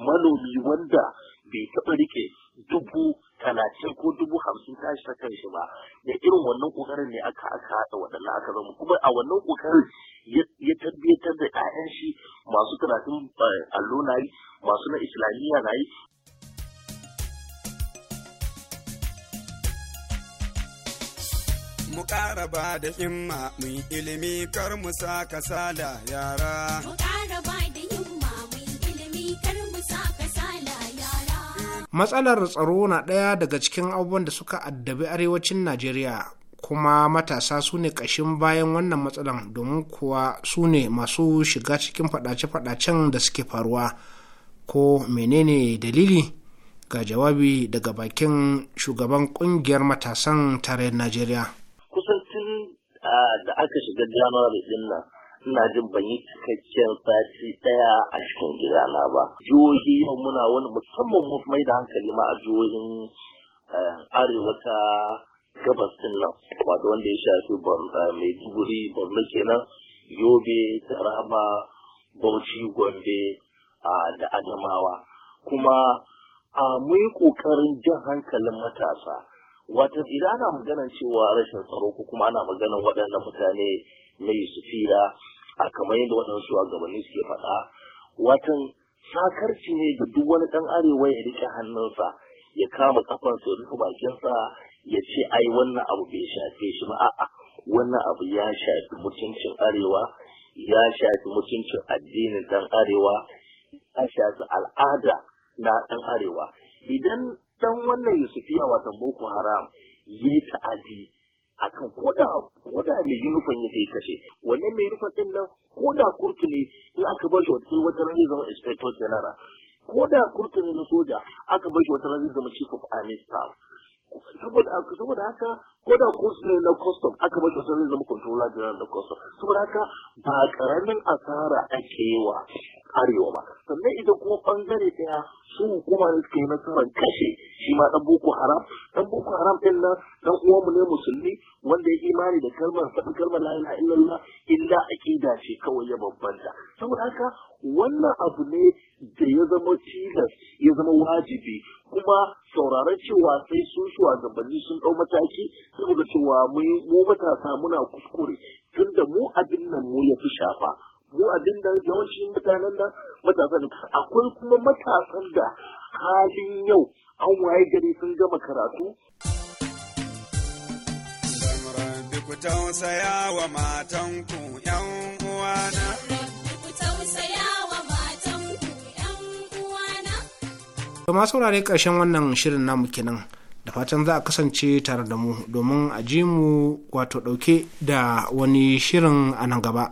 manomi wanda bai taɓa rike dubu talatin ko dubu hamsin tashi ta kanshi ba da irin wannan kokarin ne aka aka haɗa waɗannan aka zama kuma a wannan kokarin ya tabbatar da 'ya'yan shi masu talatin eh, allo na yi masu na islamiyya na yi mu ƙara ba da himma mu ilimi kar mu sa kasala yara. Mu da matsalar tsaro na ɗaya daga cikin abubuwan da suka addabi arewacin najeriya kuma matasa su ne ƙashin bayan wannan matsalar, domin kuwa su ne masu shiga cikin faɗace-faɗacen da suke faruwa ko menene dalili ga jawabi daga bakin shugaban ƙungiyar matasan tarayyar najeriya kusan ah, da aka shiga din nan ina jin ban yi cikakken sati ɗaya a cikin gidana ba jihohi yau muna wani musamman mu mai da hankali ma a jihohin eh, arewa ta gabas din nan wato wanda ya shafi eh, maiduguri borno kenan yobe taraba bauchi gombe da adamawa kuma a mu yi ƙoƙarin jan hankalin matasa wata idan ana maganar cewa rashin tsaro ko kuma ana maganar waɗannan mutane mai sufira a kamar yadda waɗansu a gabanin suke faɗa watan sakarci ne da duk wani ɗan arewa ya rike hannunsa ya kama kafansa ya rufe bakinsa ya ce ai wannan abu bai shafe shi ba a'a wannan abu ya shafi mutuncin arewa ya shafi mutuncin addinin ɗan arewa ya shafi al'ada na ɗan arewa idan dan wannan yusufiya watan boko haram yi ta'adi akan koda koda mai yunifon ya sai kashe wannan mai yunifon din nan koda kurtu ne in aka bar shi wata ranar zama inspector general koda kurtu ne na soja aka bar shi wata ranar zama chief of army staff saboda haka koda kurtu ne na custom aka bar shi wata ranar zama controller general na custom saboda haka ba karamin asara ake yi wa arewa ba sannan idan kuma bangare daya su kuma ne nasarar kashe shi ma dan boko haram dan boko haram din nan dan uwanmu ne musulmi wanda ya imani da kalmar sabu kalmar la ilaha illallah illa aqida ce kawai ya babbanta saboda haka wannan abu ne da ya zama tilas ya zama wajibi kuma sauraron cewa sai su shugabanni sun ɗau mataki saboda cewa mu matasa muna kuskure tunda mu abin nan mu ya fi shafa yau abin da yawanci mutanen da matasan akwai kuma matasan da halin yau an waye gari sun gama karatu ku tausaya Ku saurare ƙarshen wannan shirin namu kenan. da fatan za a kasance tare da mu domin a ji mu wato ɗauke da wani shirin a nan gaba.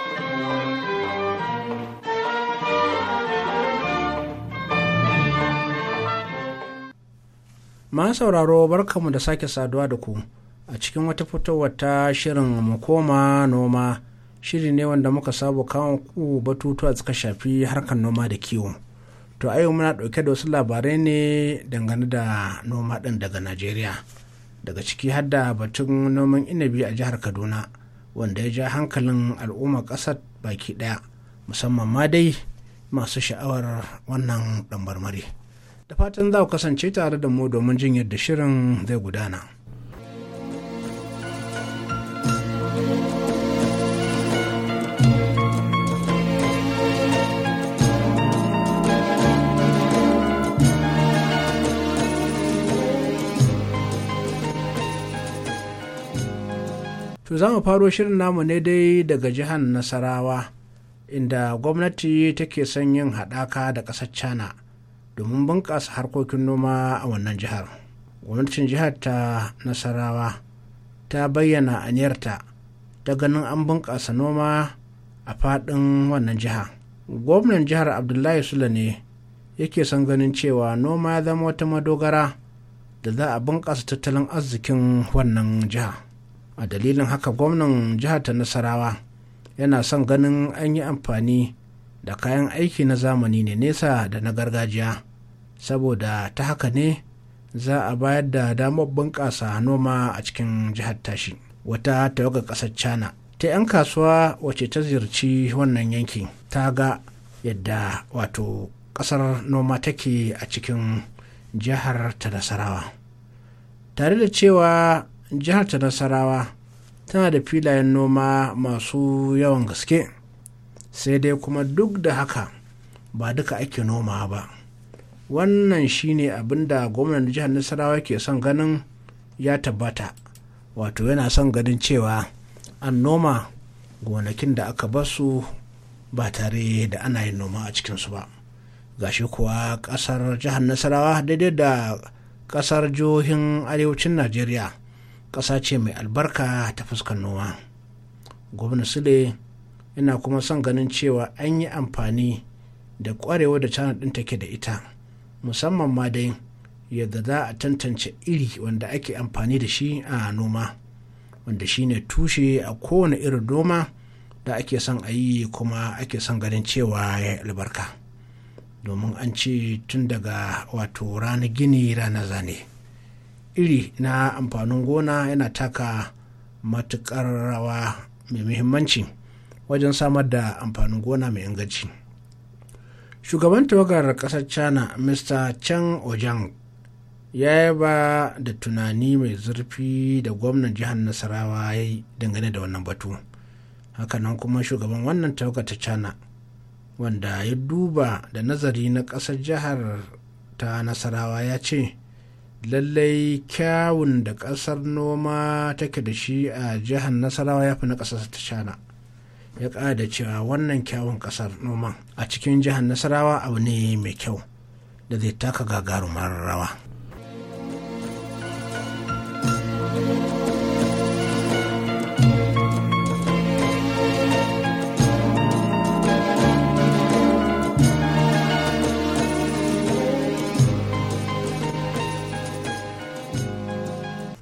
ma sauraro barkamu da sake saduwa da ku a cikin wata fitowar ta shirin mu koma noma shiri ne wanda muka saba kawo ku batutuwa suka shafi harkar noma da kiwo to a yau muna ɗauke da wasu labarai ne dangane da noma ɗin daga najeriya daga ciki har da batun noman inabi a jihar kaduna wanda ya ja hankalin al'ummar ƙasar baki ɗaya musamman ma dai masu sha'awar wannan ɗan marmari. da fatan za ku kasance tare da mu domin jin yadda shirin zai gudana. To za mu faro shirin namu ne dai daga jihar Nasarawa, inda gwamnati take son yin haɗaka da ƙasar China domin bunƙasa harkokin noma a wannan jihar gwamnatin jihar ta nasarawa ta bayyana aniyarta ta ganin an bunƙasa noma a faɗin wannan jiha gwamnan jihar abdullahi sula ne yake son ganin cewa noma ya zama wata madogara da za a bunƙasa tattalin arzikin wannan jiha a dalilin haka gwamnan jihar ta nasarawa yana son ganin an yi amfani da kayan aiki na zamani ne nesa da na gargajiya saboda ta haka ne za a bayar da damar bunƙasa noma a cikin jihar tashi wata tawaga ƙasar Cana. ta 'yan kasuwa wacce ta ziyarci wannan yanki ta ga yadda wato ƙasar noma take a cikin jihar ta nasarawa tare da cewa jihar ta nasarawa tana da filayen noma masu yawan gaske sai dai kuma duk da haka ba duka ake noma ba wannan shine abin da gwamnan jihar nasarawa ke son ganin ya tabbata wato yana son ganin cewa an noma gonakin da aka basu ba tare da ana yin noma a cikinsu ba gashi kuwa kasar jihar nasarawa daidai da kasar jihohin arewacin najeriya ƙasa ce mai albarka ta fuskar noma gwamna sule ina kuma son ganin cewa an yi amfani da kwarewa da china ɗin take da ita musamman ma dai yadda za a tantance iri wanda ake amfani da shi a noma wanda shi ne tushe a kowane irin noma da ake son a yi kuma ake son ganin cewa ya albarka domin an ce tun daga wato rana gini rana zane iri na amfanin gona yana taka matuƙar rawa mai muhimmanci. wajen samar da amfanin gona mai inganci shugaban tawagar kasar china mr chang ojang ya ba da tunani mai zurfi da gwamnan jihar nasarawa ya yi dangane da wannan batu hakanan kuma shugaban wannan tawagar ta china wanda ya duba da nazari na kasar jihar ta nasarawa ya ce lallai kyawun da kasar noma take da shi a jihar nasarawa ya fi na kasar ta china ya da cewa wannan kyawun ƙasar noman a cikin jihar nasarawa abu ne mai kyau da zai taka gagarumar rawa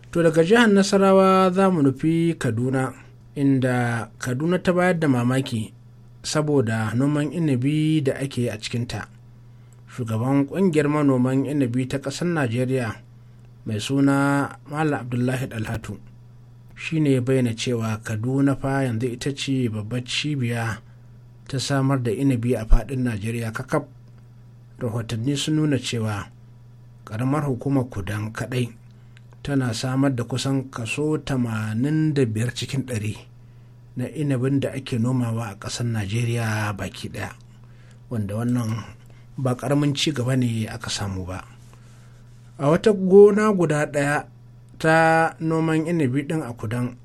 To daga jihar Nasarawa za mu nufi Kaduna. inda kaduna ta bayar da mamaki saboda noman inabi da ake a cikinta shugaban kungiyar manoman inabi ta ƙasar najeriya mai suna mala abdullahi dalhatu ne bayyana cewa kaduna fa yanzu ita ce babbar cibiya ta samar da inabi a fadin najeriya kakaf rahotanni sun nuna cewa karamar hukumar kudan kadai tana samar da kusan kaso 85 cikin ɗari. na inabin da ake nomawa a ƙasar najeriya baki ɗaya wanda wannan ba ƙaramin ci gaba ne aka samu ba a wata gona guda ɗaya ta noman inabi ɗin a kudan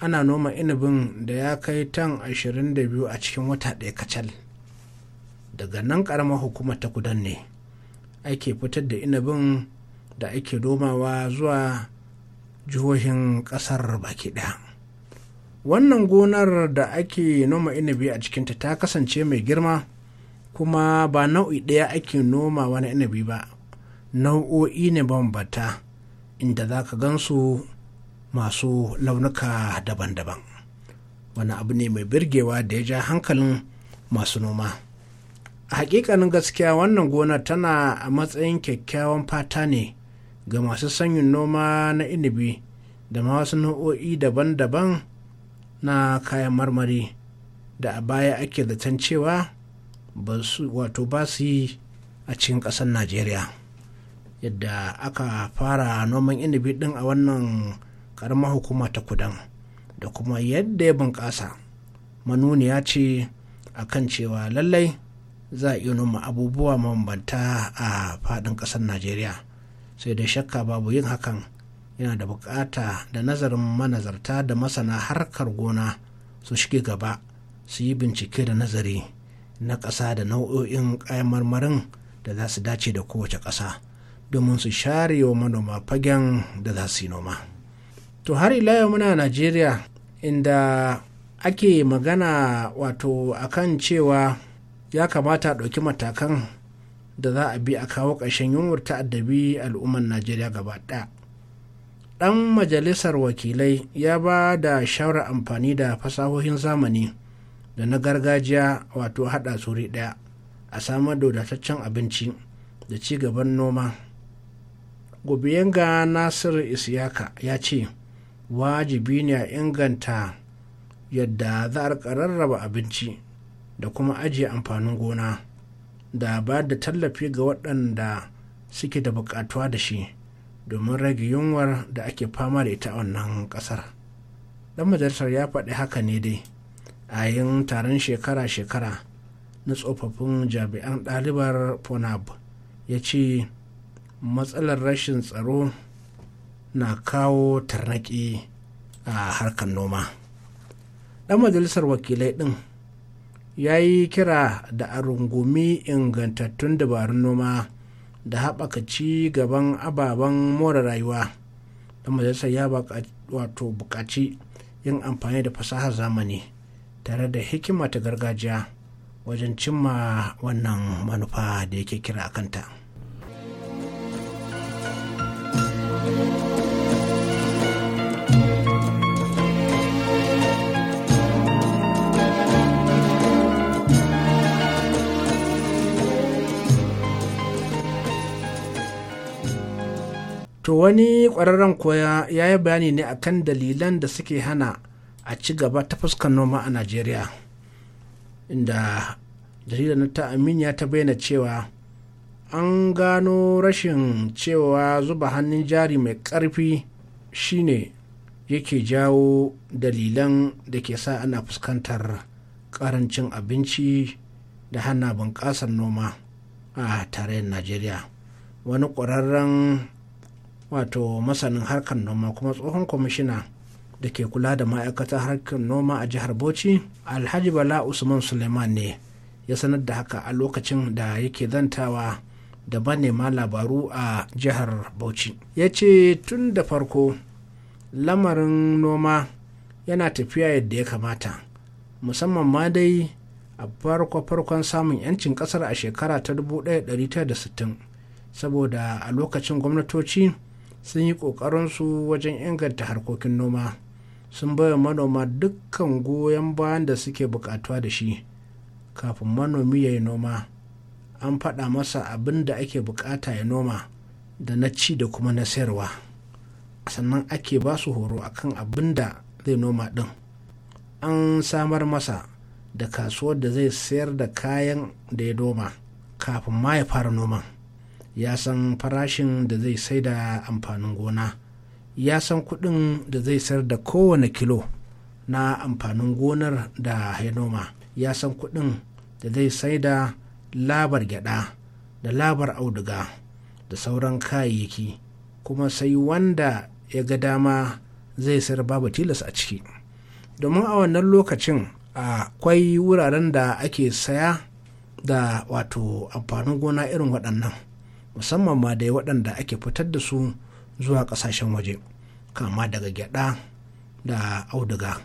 ana noma inabin da ya kai tan 22 a cikin wata ɗaya kacal daga nan ƙaramar hukumar ta kudan ne ake fitar da inabin da ake nomawa zuwa jihohin ƙasar baki ɗaya wannan gonar da ake noma inabi a cikinta ta kasance mai girma kuma ba nau'i ɗaya ake noma wani inabi ba nau'o'i ne bambata inda za ka gansu masu launuka daban-daban wani abu ne mai birgewa da ya ja hankalin masu noma a hakikanin gaskiya wannan gona tana a matsayin kyakkyawan fata ne ga masu sanyin noma na inabi da ma wasu nau'o'i daban-daban na kayan marmari da a baya ake zaton cewa wato ba su yi a cikin ƙasar najeriya yadda aka fara noman inibi ɗin a wannan ƙaramar hukuma ta kudan da kuma yadda ya bunƙasa manuniya ce a kan cewa lallai za a iya noma abubuwa mabambanta a faɗin ƙasar najeriya sai da shakka babu yin hakan yana da bukata da nazarin manazarta da masana harkar gona su shige gaba su yi bincike da nazari na ƙasa da nau'o'in kayan marmarin da za su dace da kowace ƙasa domin su share wa manoma fagen da za su yi noma to har ila yau muna najeriya inda ake magana wato akan cewa ya kamata a ɗauki matakan da za a bi a kawo ƙarshen yunwar ta'addabi al'ummar najeriya gaba ɗaya ɗan majalisar wakilai ya ba da shawarar amfani da fasahohin zamani da na gargajiya wato haɗa tsuri ɗaya a samar da wadataccen abinci da ci gaban noma ga nasir isiyaka ya ce wajibi ne a inganta yadda za a rarraba abinci da kuma ajiye amfanin gona da ba da tallafi ga waɗanda suke da buƙatuwa da shi domin rage yunwar da ake fama da ita a wannan kasar dan majalisar ya faɗi haka ne dai a yin taron shekara-shekara na tsofaffin jami'an ɗalibar ponab ya ce matsalar rashin tsaro na kawo tarnaƙi a harkar noma ɗan majalisar wakilai ɗin ya yi kira da a rungumi ingantattun dabarun noma da haɓaka ci gaban ababen more rayuwa da majalisar ya wato buƙaci yin amfani da fasaha zamani tare da hikima ta gargajiya wajen cimma wannan manufa da yake kira a kanta. to wani kwararren koya ya yi bayani ne akan dalilan da suke hana a ci gaba ta fuskan noma a najeriya inda jaridar na ta aminiya ta bayyana cewa an gano rashin cewa zuba hannun jari mai ƙarfi shine yake jawo dalilan da ke sa ana fuskantar ƙarancin abinci da hana bunƙasar noma a tarayyar najeriya wani ƙwararren wato masanin harkar noma kuma tsohon kwamishina da ke kula da ma'aikatar harkar noma a jihar bauchi alhaji bala usman suleiman ne ya sanar da haka a lokacin da yake zantawa da manema labaru a jihar bauchi ya ce tun da farko lamarin noma yana tafiya yadda ya kamata musamman ma dai a farko-farkon samun 'yancin kasar a shekara ta 1960 saboda a lokacin gwamnatoci sun yi ƙoƙarinsu wajen inganta harkokin noma sun baiwa manoma dukkan goyon bayan da suke bukatuwa da shi kafin manomi ya yi noma an faɗa masa abin da ake buƙata ya noma da na ci da kuma na sayarwa sannan ake ba su horo akan abin da zai noma ɗin an samar masa da kasuwar da zai sayar da kayan da ya noma kafin ma ya fara noman. ya san farashin da zai sai da amfanin gona ya san kuɗin da zai sayar da kowane kilo na amfanin gonar da ya noma ya san kuɗin da zai sai da labar gyada da labar auduga da sauran kayayyaki kuma sai wanda ya ga dama zai sayar babu tilas a ciki domin a wannan lokacin akwai wuraren da ake saya da wato amfanin gona irin waɗannan musamman ma dai waɗanda ake fitar da su zuwa ƙasashen waje kama daga gyaɗa da auduga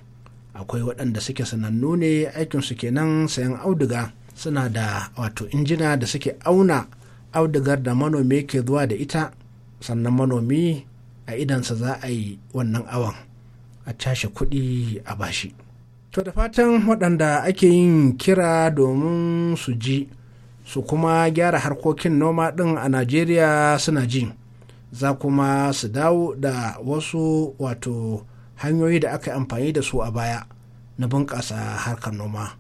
akwai waɗanda suke sanannu ne aikin su kenan sayan auduga suna da wato injina da suke auna audugar da manomi ke zuwa da ita sannan manomi a idansa za a yi wannan awan a cashe kuɗi a bashi to da fatan waɗanda ake yin kira domin su ji su kuma gyara harkokin noma ɗin a najeriya suna ji za kuma su dawo da wasu wato hanyoyi da aka amfani da su a baya na bunƙasa harkar noma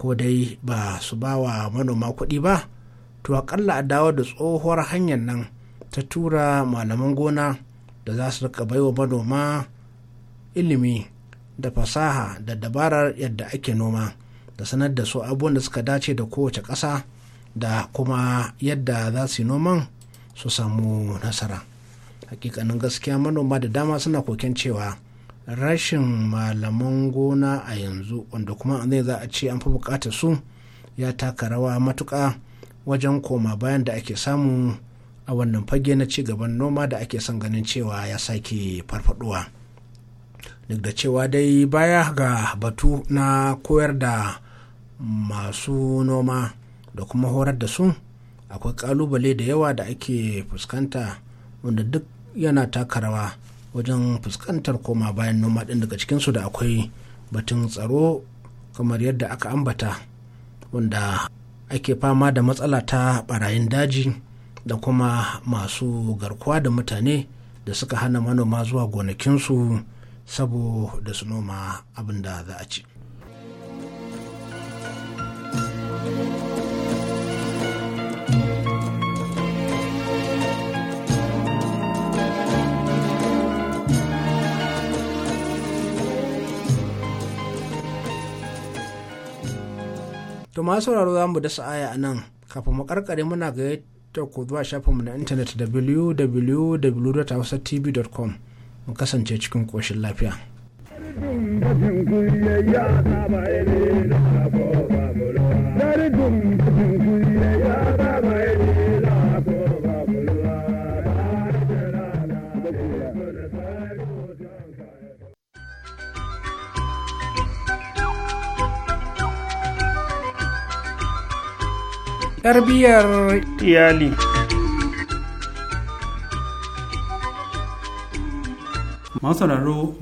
ko dai ba su ba wa manoma kuɗi ba to aƙalla a dawo da tsohuwar hanyar nan ta tura malaman gona da za su rika baiwa manoma ilimi da fasaha da dabarar yadda ake noma da sanar da su abubuwan da suka dace da kowace ƙasa da kuma yadda za su yi noman su samu nasara hakikanin gaskiya manoma da dama suna koken cewa rashin malaman gona a yanzu wanda kuma zai za a ce an fi bukatar su ya taka rawa matuka wajen koma bayan da ake samu a wannan fage na cigaban noma da ake son ganin cewa ya sake farfaduwa duk da cewa dai baya ga batu na koyar da masu noma da kuma horar da su akwai kalubale da yawa da ake fuskanta wanda duk yana taka rawa wajen fuskantar koma bayan noma ɗin daga cikinsu da akwai batun tsaro kamar yadda aka ambata wanda ake fama da matsala ta barayin daji da kuma masu garkuwa da mutane da suka hana manoma zuwa gonakinsu saboda su noma abin da za a ci. to ma sauraro za mu da sa'aya a nan kafin mu karkare muna gayyata ku zuwa mu na intanet www.hausatv.com mu kasance cikin koshin lafiya. Dari dum tarbiyyar iyali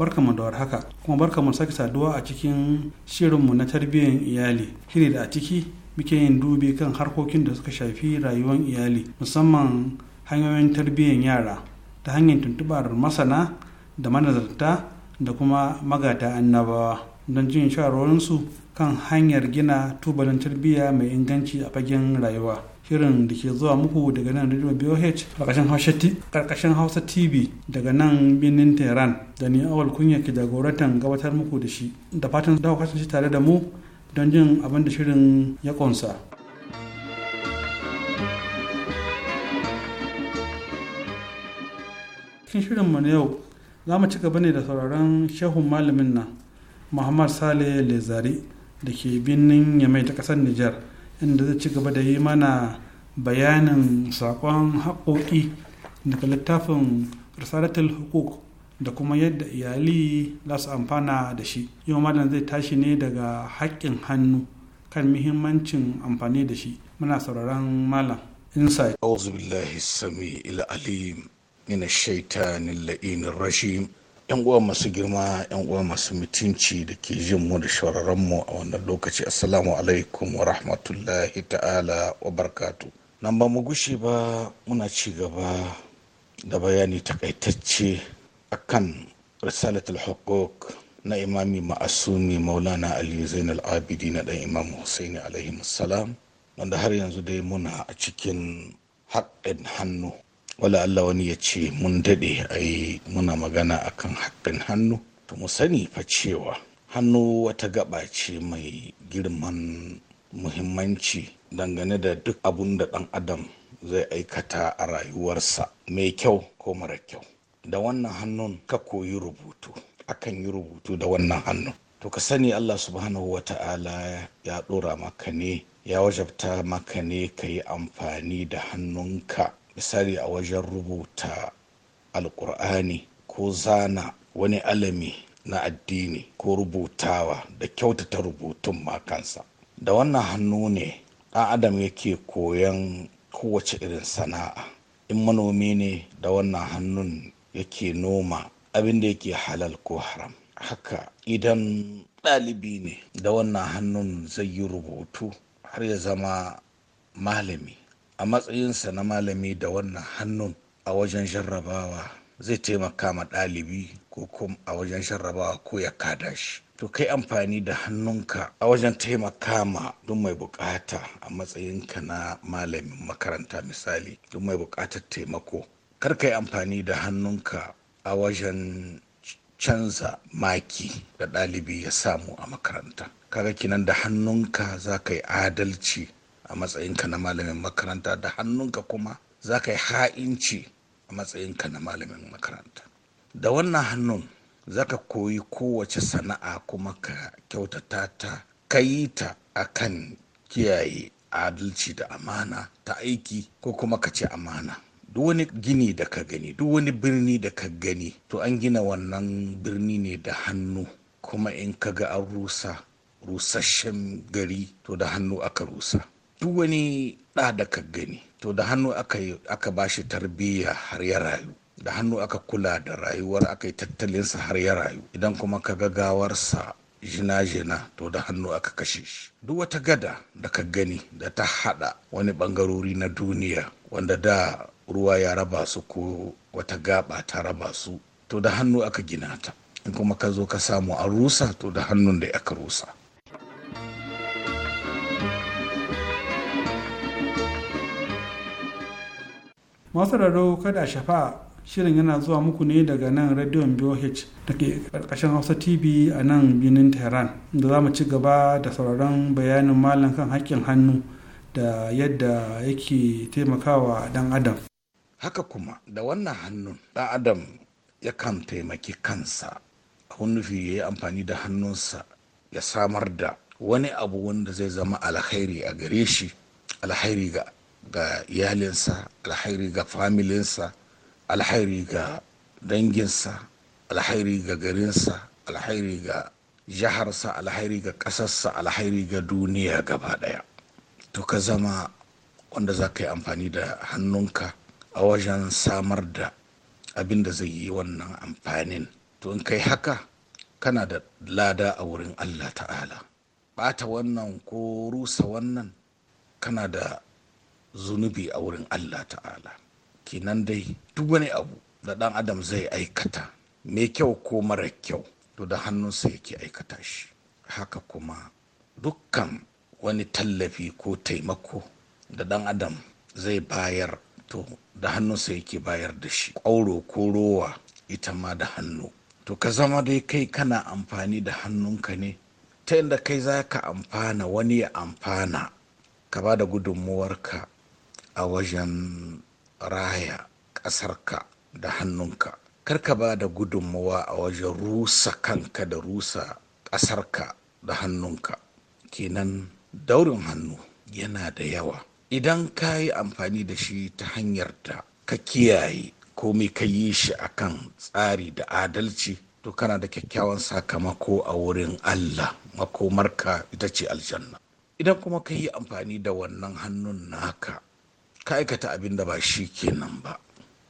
barka mu da haka, kuma barka mu sake saduwa a cikin shirinmu na tarbiyyar iyali shiri da a ciki muke yin dubi kan harkokin da suka shafi rayuwar iyali musamman hanyoyin tarbiyyar yara ta hanyar tuntubar masana da manazarta da kuma magata annabawa don jin shawarwarinsu kan hanyar gina tubalin tarbiyya mai inganci a fagen rayuwa shirin da ke zuwa muku daga nan radio boh karkashin hausa tv daga nan binin tehran da ni awal kunya ke jagoratan gabatar muku da shi da fatan za ku kasance tare da mu don jin abin da shirin ya kunsa. shirin mu na yau za mu ci gaba ne da sauraron shehun malamin nan muhammad saleh lezari da ke birnin yamai ta kasar nijar inda zai ci gaba da yi mana bayanin sakon haƙoƙi daga littafin risalatul hukuk da kuma yadda iyali za su amfana da shi yau malam zai tashi ne daga haƙƙin hannu kan muhimmancin amfani da shi muna sauraron malam insight auzu billahi sami il alim min ash-shaytanir yan uwa masu girma yan uwa masu mutunci da ke jin mu da shawararren mu a wannan lokaci assalamu alaikum wa rahmatullahi ta'ala wa barkatu nan ba mu gushi ba muna ci gaba da bayani takaitacce akan risalatul hukuk na imami ma'asumi maulana ali zainal abidi na dan imam husaini alaihi salam wanda har yanzu dai muna a cikin haƙƙin hannu wala Allah wani ya ce mun daɗe ai muna magana akan haƙƙin hannu to mu sani fa cewa hannu wata gaba ce mai girman muhimmanci dangane da duk abun da ɗan adam zai aikata a rayuwarsa mai kyau ko mara kyau da wannan hannun ka koyi rubutu akan yi rubutu da wannan hannun to ka sani Allah subhanahu wa ta'ala ya ɗora maka ne ya wajabta maka ne ka yi amfani da hannunka misali a wajen rubuta alkur'ani ko zana wani alami na addini ko rubutawa da kyautata rubutun makansa. da wannan hannu ne ɗan adam yake koyon kowace irin sana'a in manomi ne da wannan hannun yake noma abin da yake halal ko haram haka idan ɗalibi ne da wannan hannun zai yi rubutu har ya zama malami a matsayinsa na malami da wannan hannun a wajen jarrabawa zai taimaka ma ɗalibi ko kuma a wajen jarrabawa ko ya kada shi to kai amfani da hannunka a wajen taimaka ma duk mai bukata a matsayinka na malamin makaranta misali duk mai bukatar taimako kar ka yi amfani da hannunka a wajen canza maki da ɗalibi ya samu a makaranta kaga kinan da hannunka za ka yi adalci a matsayinka na malamin makaranta da hannunka kuma za ka yi ha'inci a matsayinka na malamin makaranta da wannan hannun za ka koyi kowace sana'a kuma ka kyautata ta ka ta a kan kiyaye adalci da amana ta aiki ko kuma ka ce amana duk wani gini da ka gani duk wani birni da ka gani to an gina wannan birni ne da hannu kuma in ka ga an rusa rusasshen gari to da hannu aka rusa duk wani ɗa da ka gani to da hannu aka ba shi tarbiyya har ya rayu da hannu aka kula da rayuwar aka yi tattalinsa har ya rayu idan kuma ka ga gagawarsa jina-jina to da hannu aka kashe shi duk wata gada da ka gani da ta haɗa wani ɓangarori na duniya wanda da ruwa ya raba su ko wata gaba ta raba su to da hannu aka gina ta in kuma ka zo ka samu a rusa to da hannun da aka rusa masu raro kada shafa shirin yana zuwa muku ne daga nan radiyon boh da ke karkashin hausa tv a nan birnin tehran da za mu ci gaba da sauraron bayanin malam kan haƙƙin hannu da yadda yake taimakawa dan adam haka kuma da wannan hannun dan adam ya kan taimaki kansa abun nufi ya yi amfani da hannunsa ya samar da wani abu wanda zai zama alkhairi a gare shi alkhairi ga ga iyalinsa alhairi ga familinsa alhairi ga danginsa alhairi ga garinsa alhairi ga jiharsa alhairi ga ƙasarsa alhairi ga duniya gaba ɗaya to ka zama wanda za ka yi amfani da hannunka a wajen samar da abin da zai yi wannan amfanin to in kai haka kana da lada a wurin allah ta'ala ɓata wannan ko rusa wannan kana da zunubi a wurin allah ta'ala kinan dai duk wani abu da dan adam zai aikata mai kyau ko mara kyau to da hannunsa yake aikata shi haka kuma dukkan wani tallafi ko taimako da dan adam zai bayar to da hannunsa yake bayar da shi ƙwauro ko rowa ita ma da hannu to ka zama dai kai kana amfani da hannunka ne ta inda kai za ka amfana wani ya amfana ka ba da gudunmuwarka a wajen raya ƙasarka da hannunka karka ba da gudunmawa a wajen rusa kanka da rusa ƙasarka da hannunka kenan daurin hannu yana da yawa idan ka yi amfani da shi ta hanyar da ka kiyaye komai ka yi shi kan tsari da adalci to kana da kyakkyawan sakamako a wurin allah makomarka ita ce aljanna idan kuma ka yi amfani da wannan hannun naka ka aikata abin da ba shi kenan ba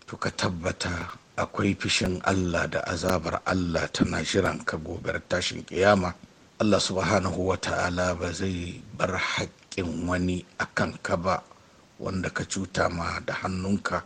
to ka tabbata akwai fishin Allah da azabar Allah tana jiran ka gobar tashin kiyama Allah subhanahu wa ta'ala ba zai bar haƙƙin wani a kan ka ba wanda ka cuta ma da hannunka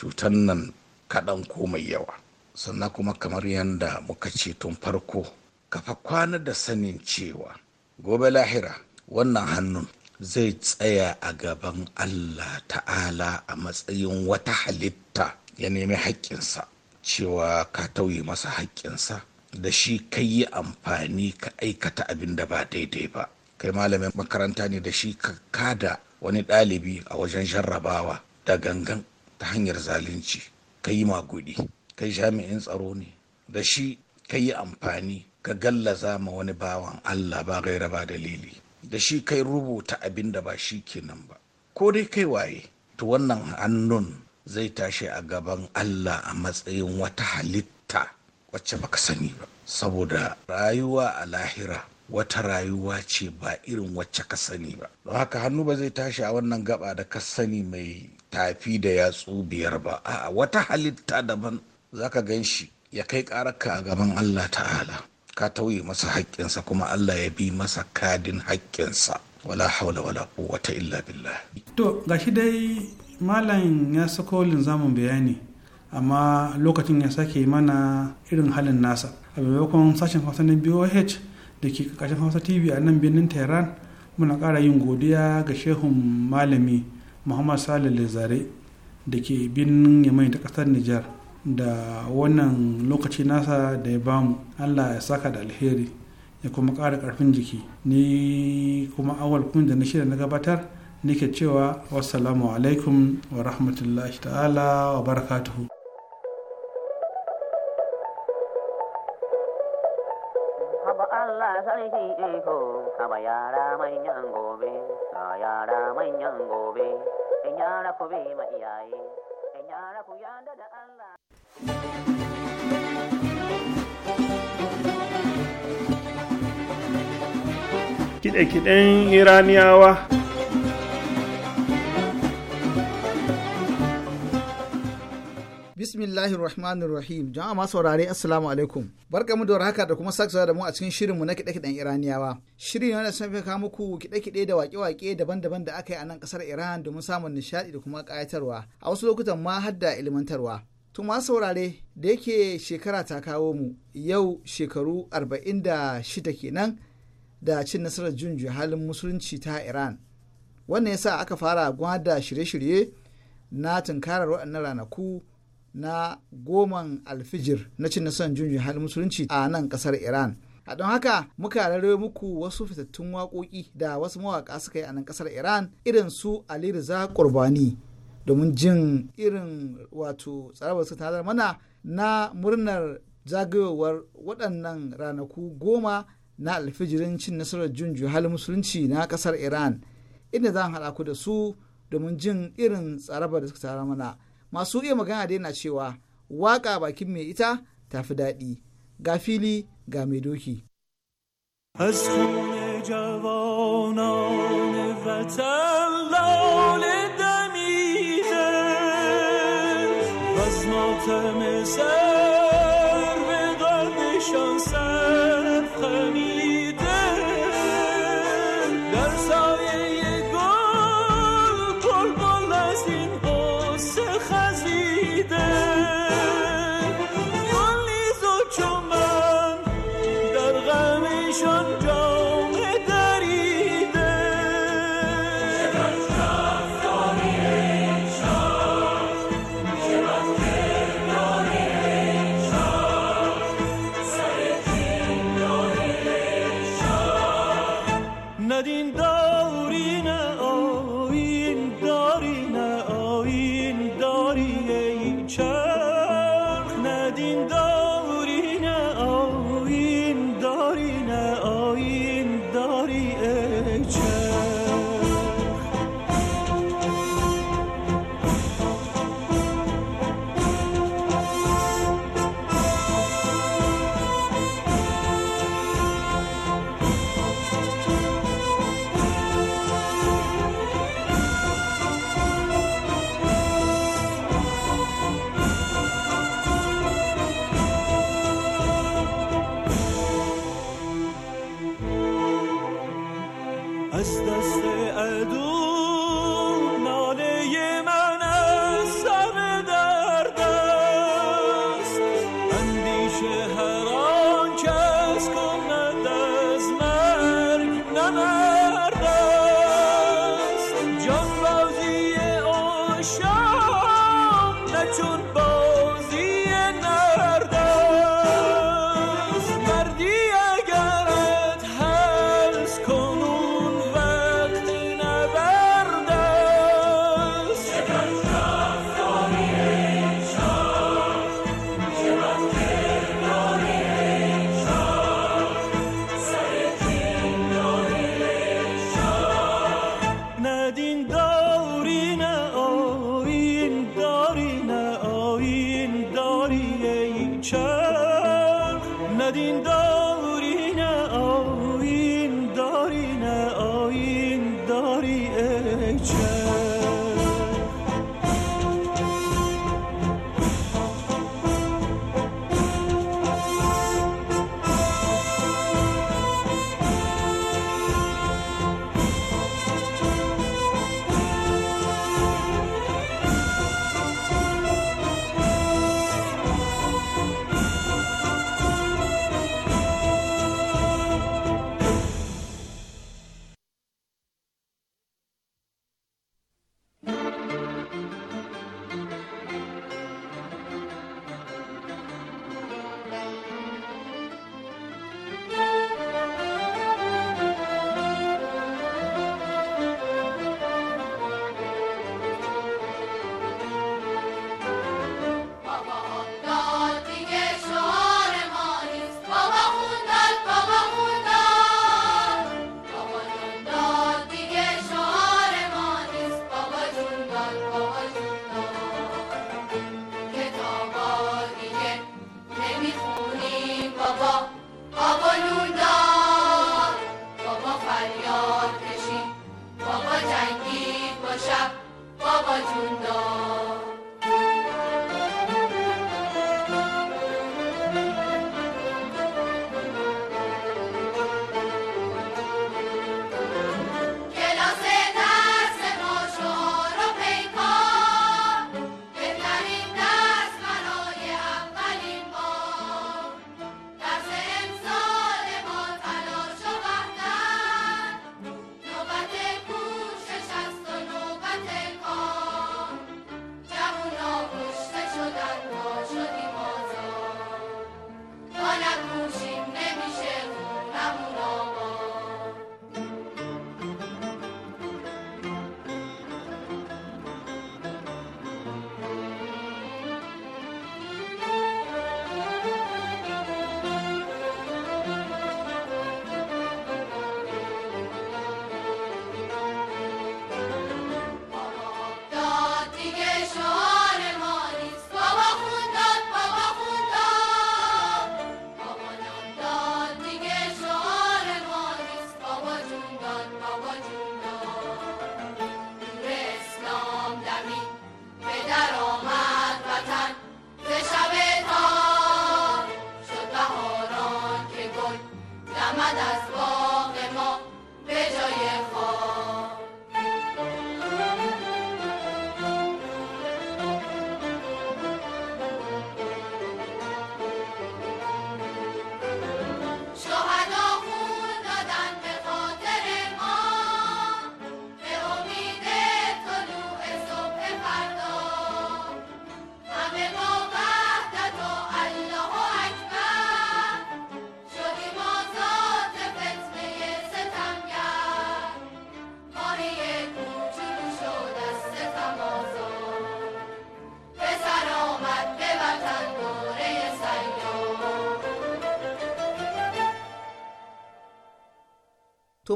cutan nan kaɗan ko mai yawa sannan kuma kamar yadda muka ce tun farko ka fa kwana da sanin cewa gobe lahira wannan hannun zai tsaya a gaban allah ta'ala a matsayin wata halitta ya nemi haƙƙinsa cewa ka tauye masa haƙƙinsa da shi ka yi amfani ka aikata abin da ba daidai ba kai malamin makaranta ne da shi ka kada wani ɗalibi a wajen jarrabawa da gangan ta hanyar zalunci ka yi magudi kai jami'in tsaro ne da shi ka yi amfani ka gallaza ma wani bawan allah ba gaira ba dalili da shi kai rubuta abin da ba shi kenan ba ko dai kai waye to wannan hannun zai tashi a gaban Allah a matsayin wata halitta wacce baka sani ba saboda rayuwa a lahira wata rayuwa ce ba irin wacce ka sani ba don haka hannu ba zai tashi a wannan gaba da ka sani mai tafi da yatsu biyar ba a wata halitta daban zaka gan shi ya kai ƙararka a gaban Allah ta'ala ka tauye masa haƙƙinsa kuma Allah ya bi masa kadin haƙƙinsa wala haula wala quwwata illa billah to gashi dai malam ya sako linzamin bayani amma lokacin ya sake mana irin halin nasa a maimakon sashen hausa na boh da ke ƙarƙashin hausa tv a nan birnin tehran muna ƙara yin godiya ga shehun malami muhammad salih Zare, da ke birnin yamai ta ƙasar nijar da wannan lokaci nasa da ya bamu allah ya saka da alheri ya kuma ƙara ƙarfin jiki ni kuma awal kun da na shirya na gabatar nake cewa wassalamu alaikum wa rahmatullahi ta'ala wa barakatuhu yara manyan gobe ku bi ma iyaye yara ku yanda da kide-kiden iraniyawa bismillahir rahmanir rahim jama'a masaurare saurare assalamu alaikum mu da warhaka da kuma sake da mu a cikin shirinmu na kiɗe-kiɗen iraniyawa shirin yana son fi kawo muku kiɗe-kiɗe da waƙe-waƙe daban-daban da aka yi a nan ƙasar iran domin samun nishaɗi da kuma ƙayatarwa a wasu lokutan ma har da ilmantarwa to ma saurare da yake shekara ta kawo mu yau shekaru arba'in da shida kenan da cin nasarar jin halin musulunci ta iran wannan sa aka fara gwada shirye-shirye na tunkarar waɗannan ranaku na goman alfijir na cin nasarar jin halin musulunci a nan ƙasar iran a don haka muka rarrabe muku wasu fitattun waƙoƙi da wasu mawaƙa suka yi a nan ƙasar iran irin su ali riza qurbani domin jin irin wato tsarabar suka tazar mana na murnar zagayowar waɗannan ranaku goma na alfijirin cin nasarar junju halin musulunci na kasar iran inda za haɗa ku da su domin jin irin tsarabar da suka tara mana masu iya magana da yana cewa waƙa bakin mai ita ta fi daɗi ga fili ga mai doki از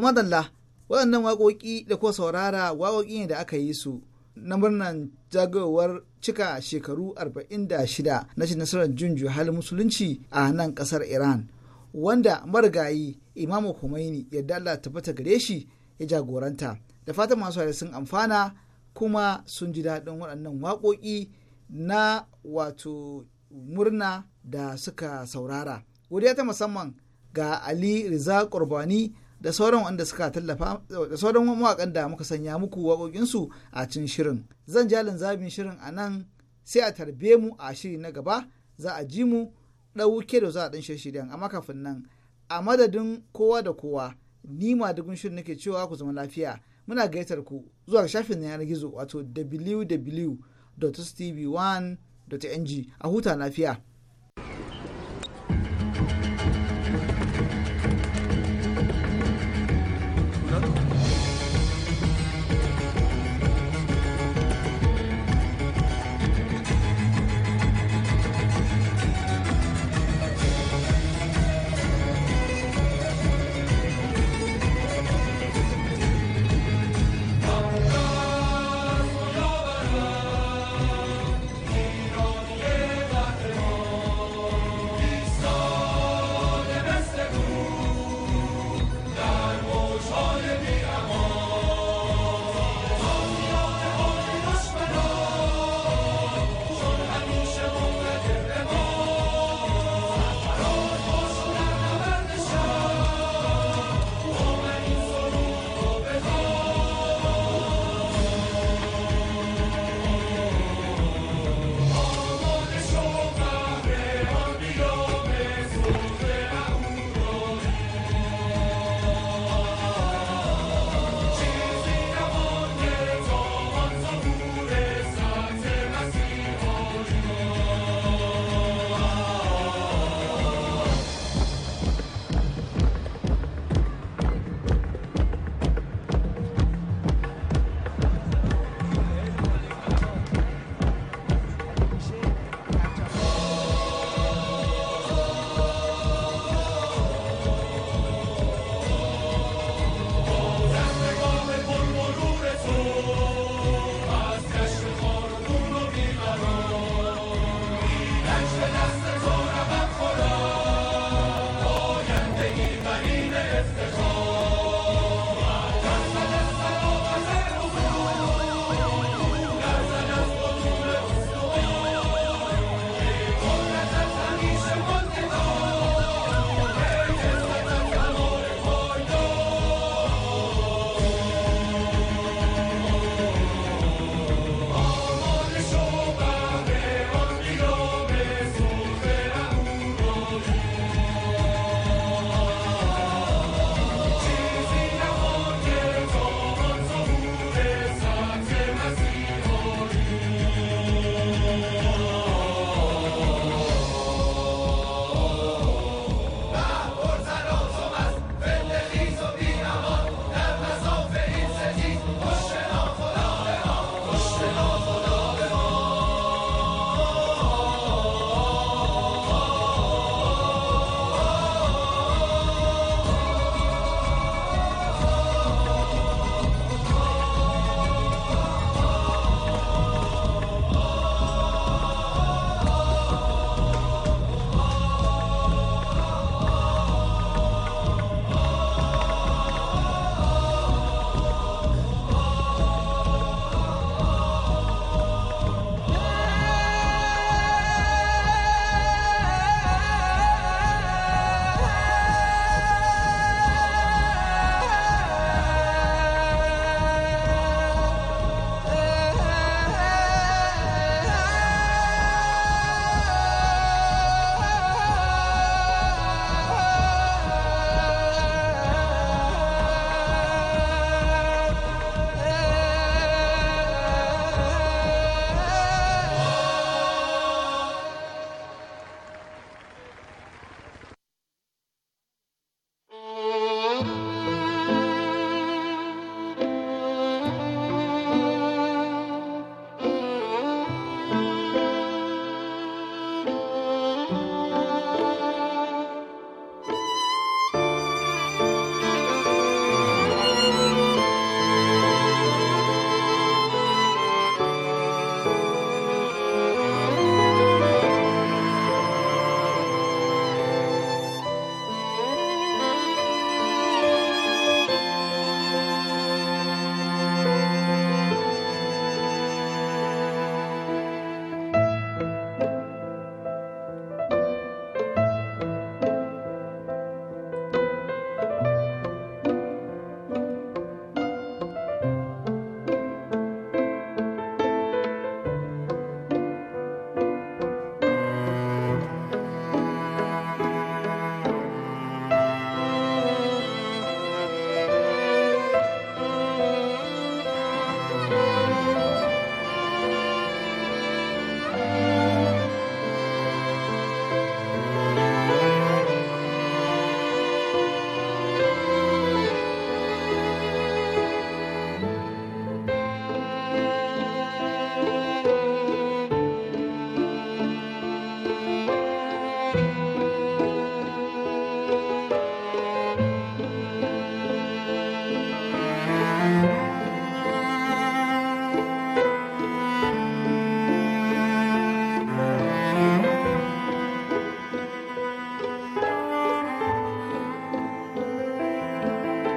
madalla waɗannan waƙoƙi da kuwa saurara waƙoƙi ne da aka yi su na murnan jagowar cika shekaru 46 na shi nasarar junju halin musulunci a nan ƙasar Iran. Wanda marigayi Imamu Khomeini yadda Allah tabbata gare shi ya jagoranta. Da fatan masu sun amfana kuma sun ji daɗin waɗannan waƙoƙi na wato murna da suka saurara. Godiya ta musamman ga Ali Riza kurbani da sauran wanda suka tallafa da sauran mawakan da muka sanya muku waƙoƙinsu a cin shirin zan ja zabin shirin a nan sai a tarbe mu a shiri na gaba za a ji mu ɗauke da za a ɗan shirye-shiryen amma kafin nan a madadin kowa da kowa ni ma dugun shirin nake cewa ku zama lafiya muna gaitar ku zuwa shafin na yanar gizo wato www.tv1.ng a huta lafiya.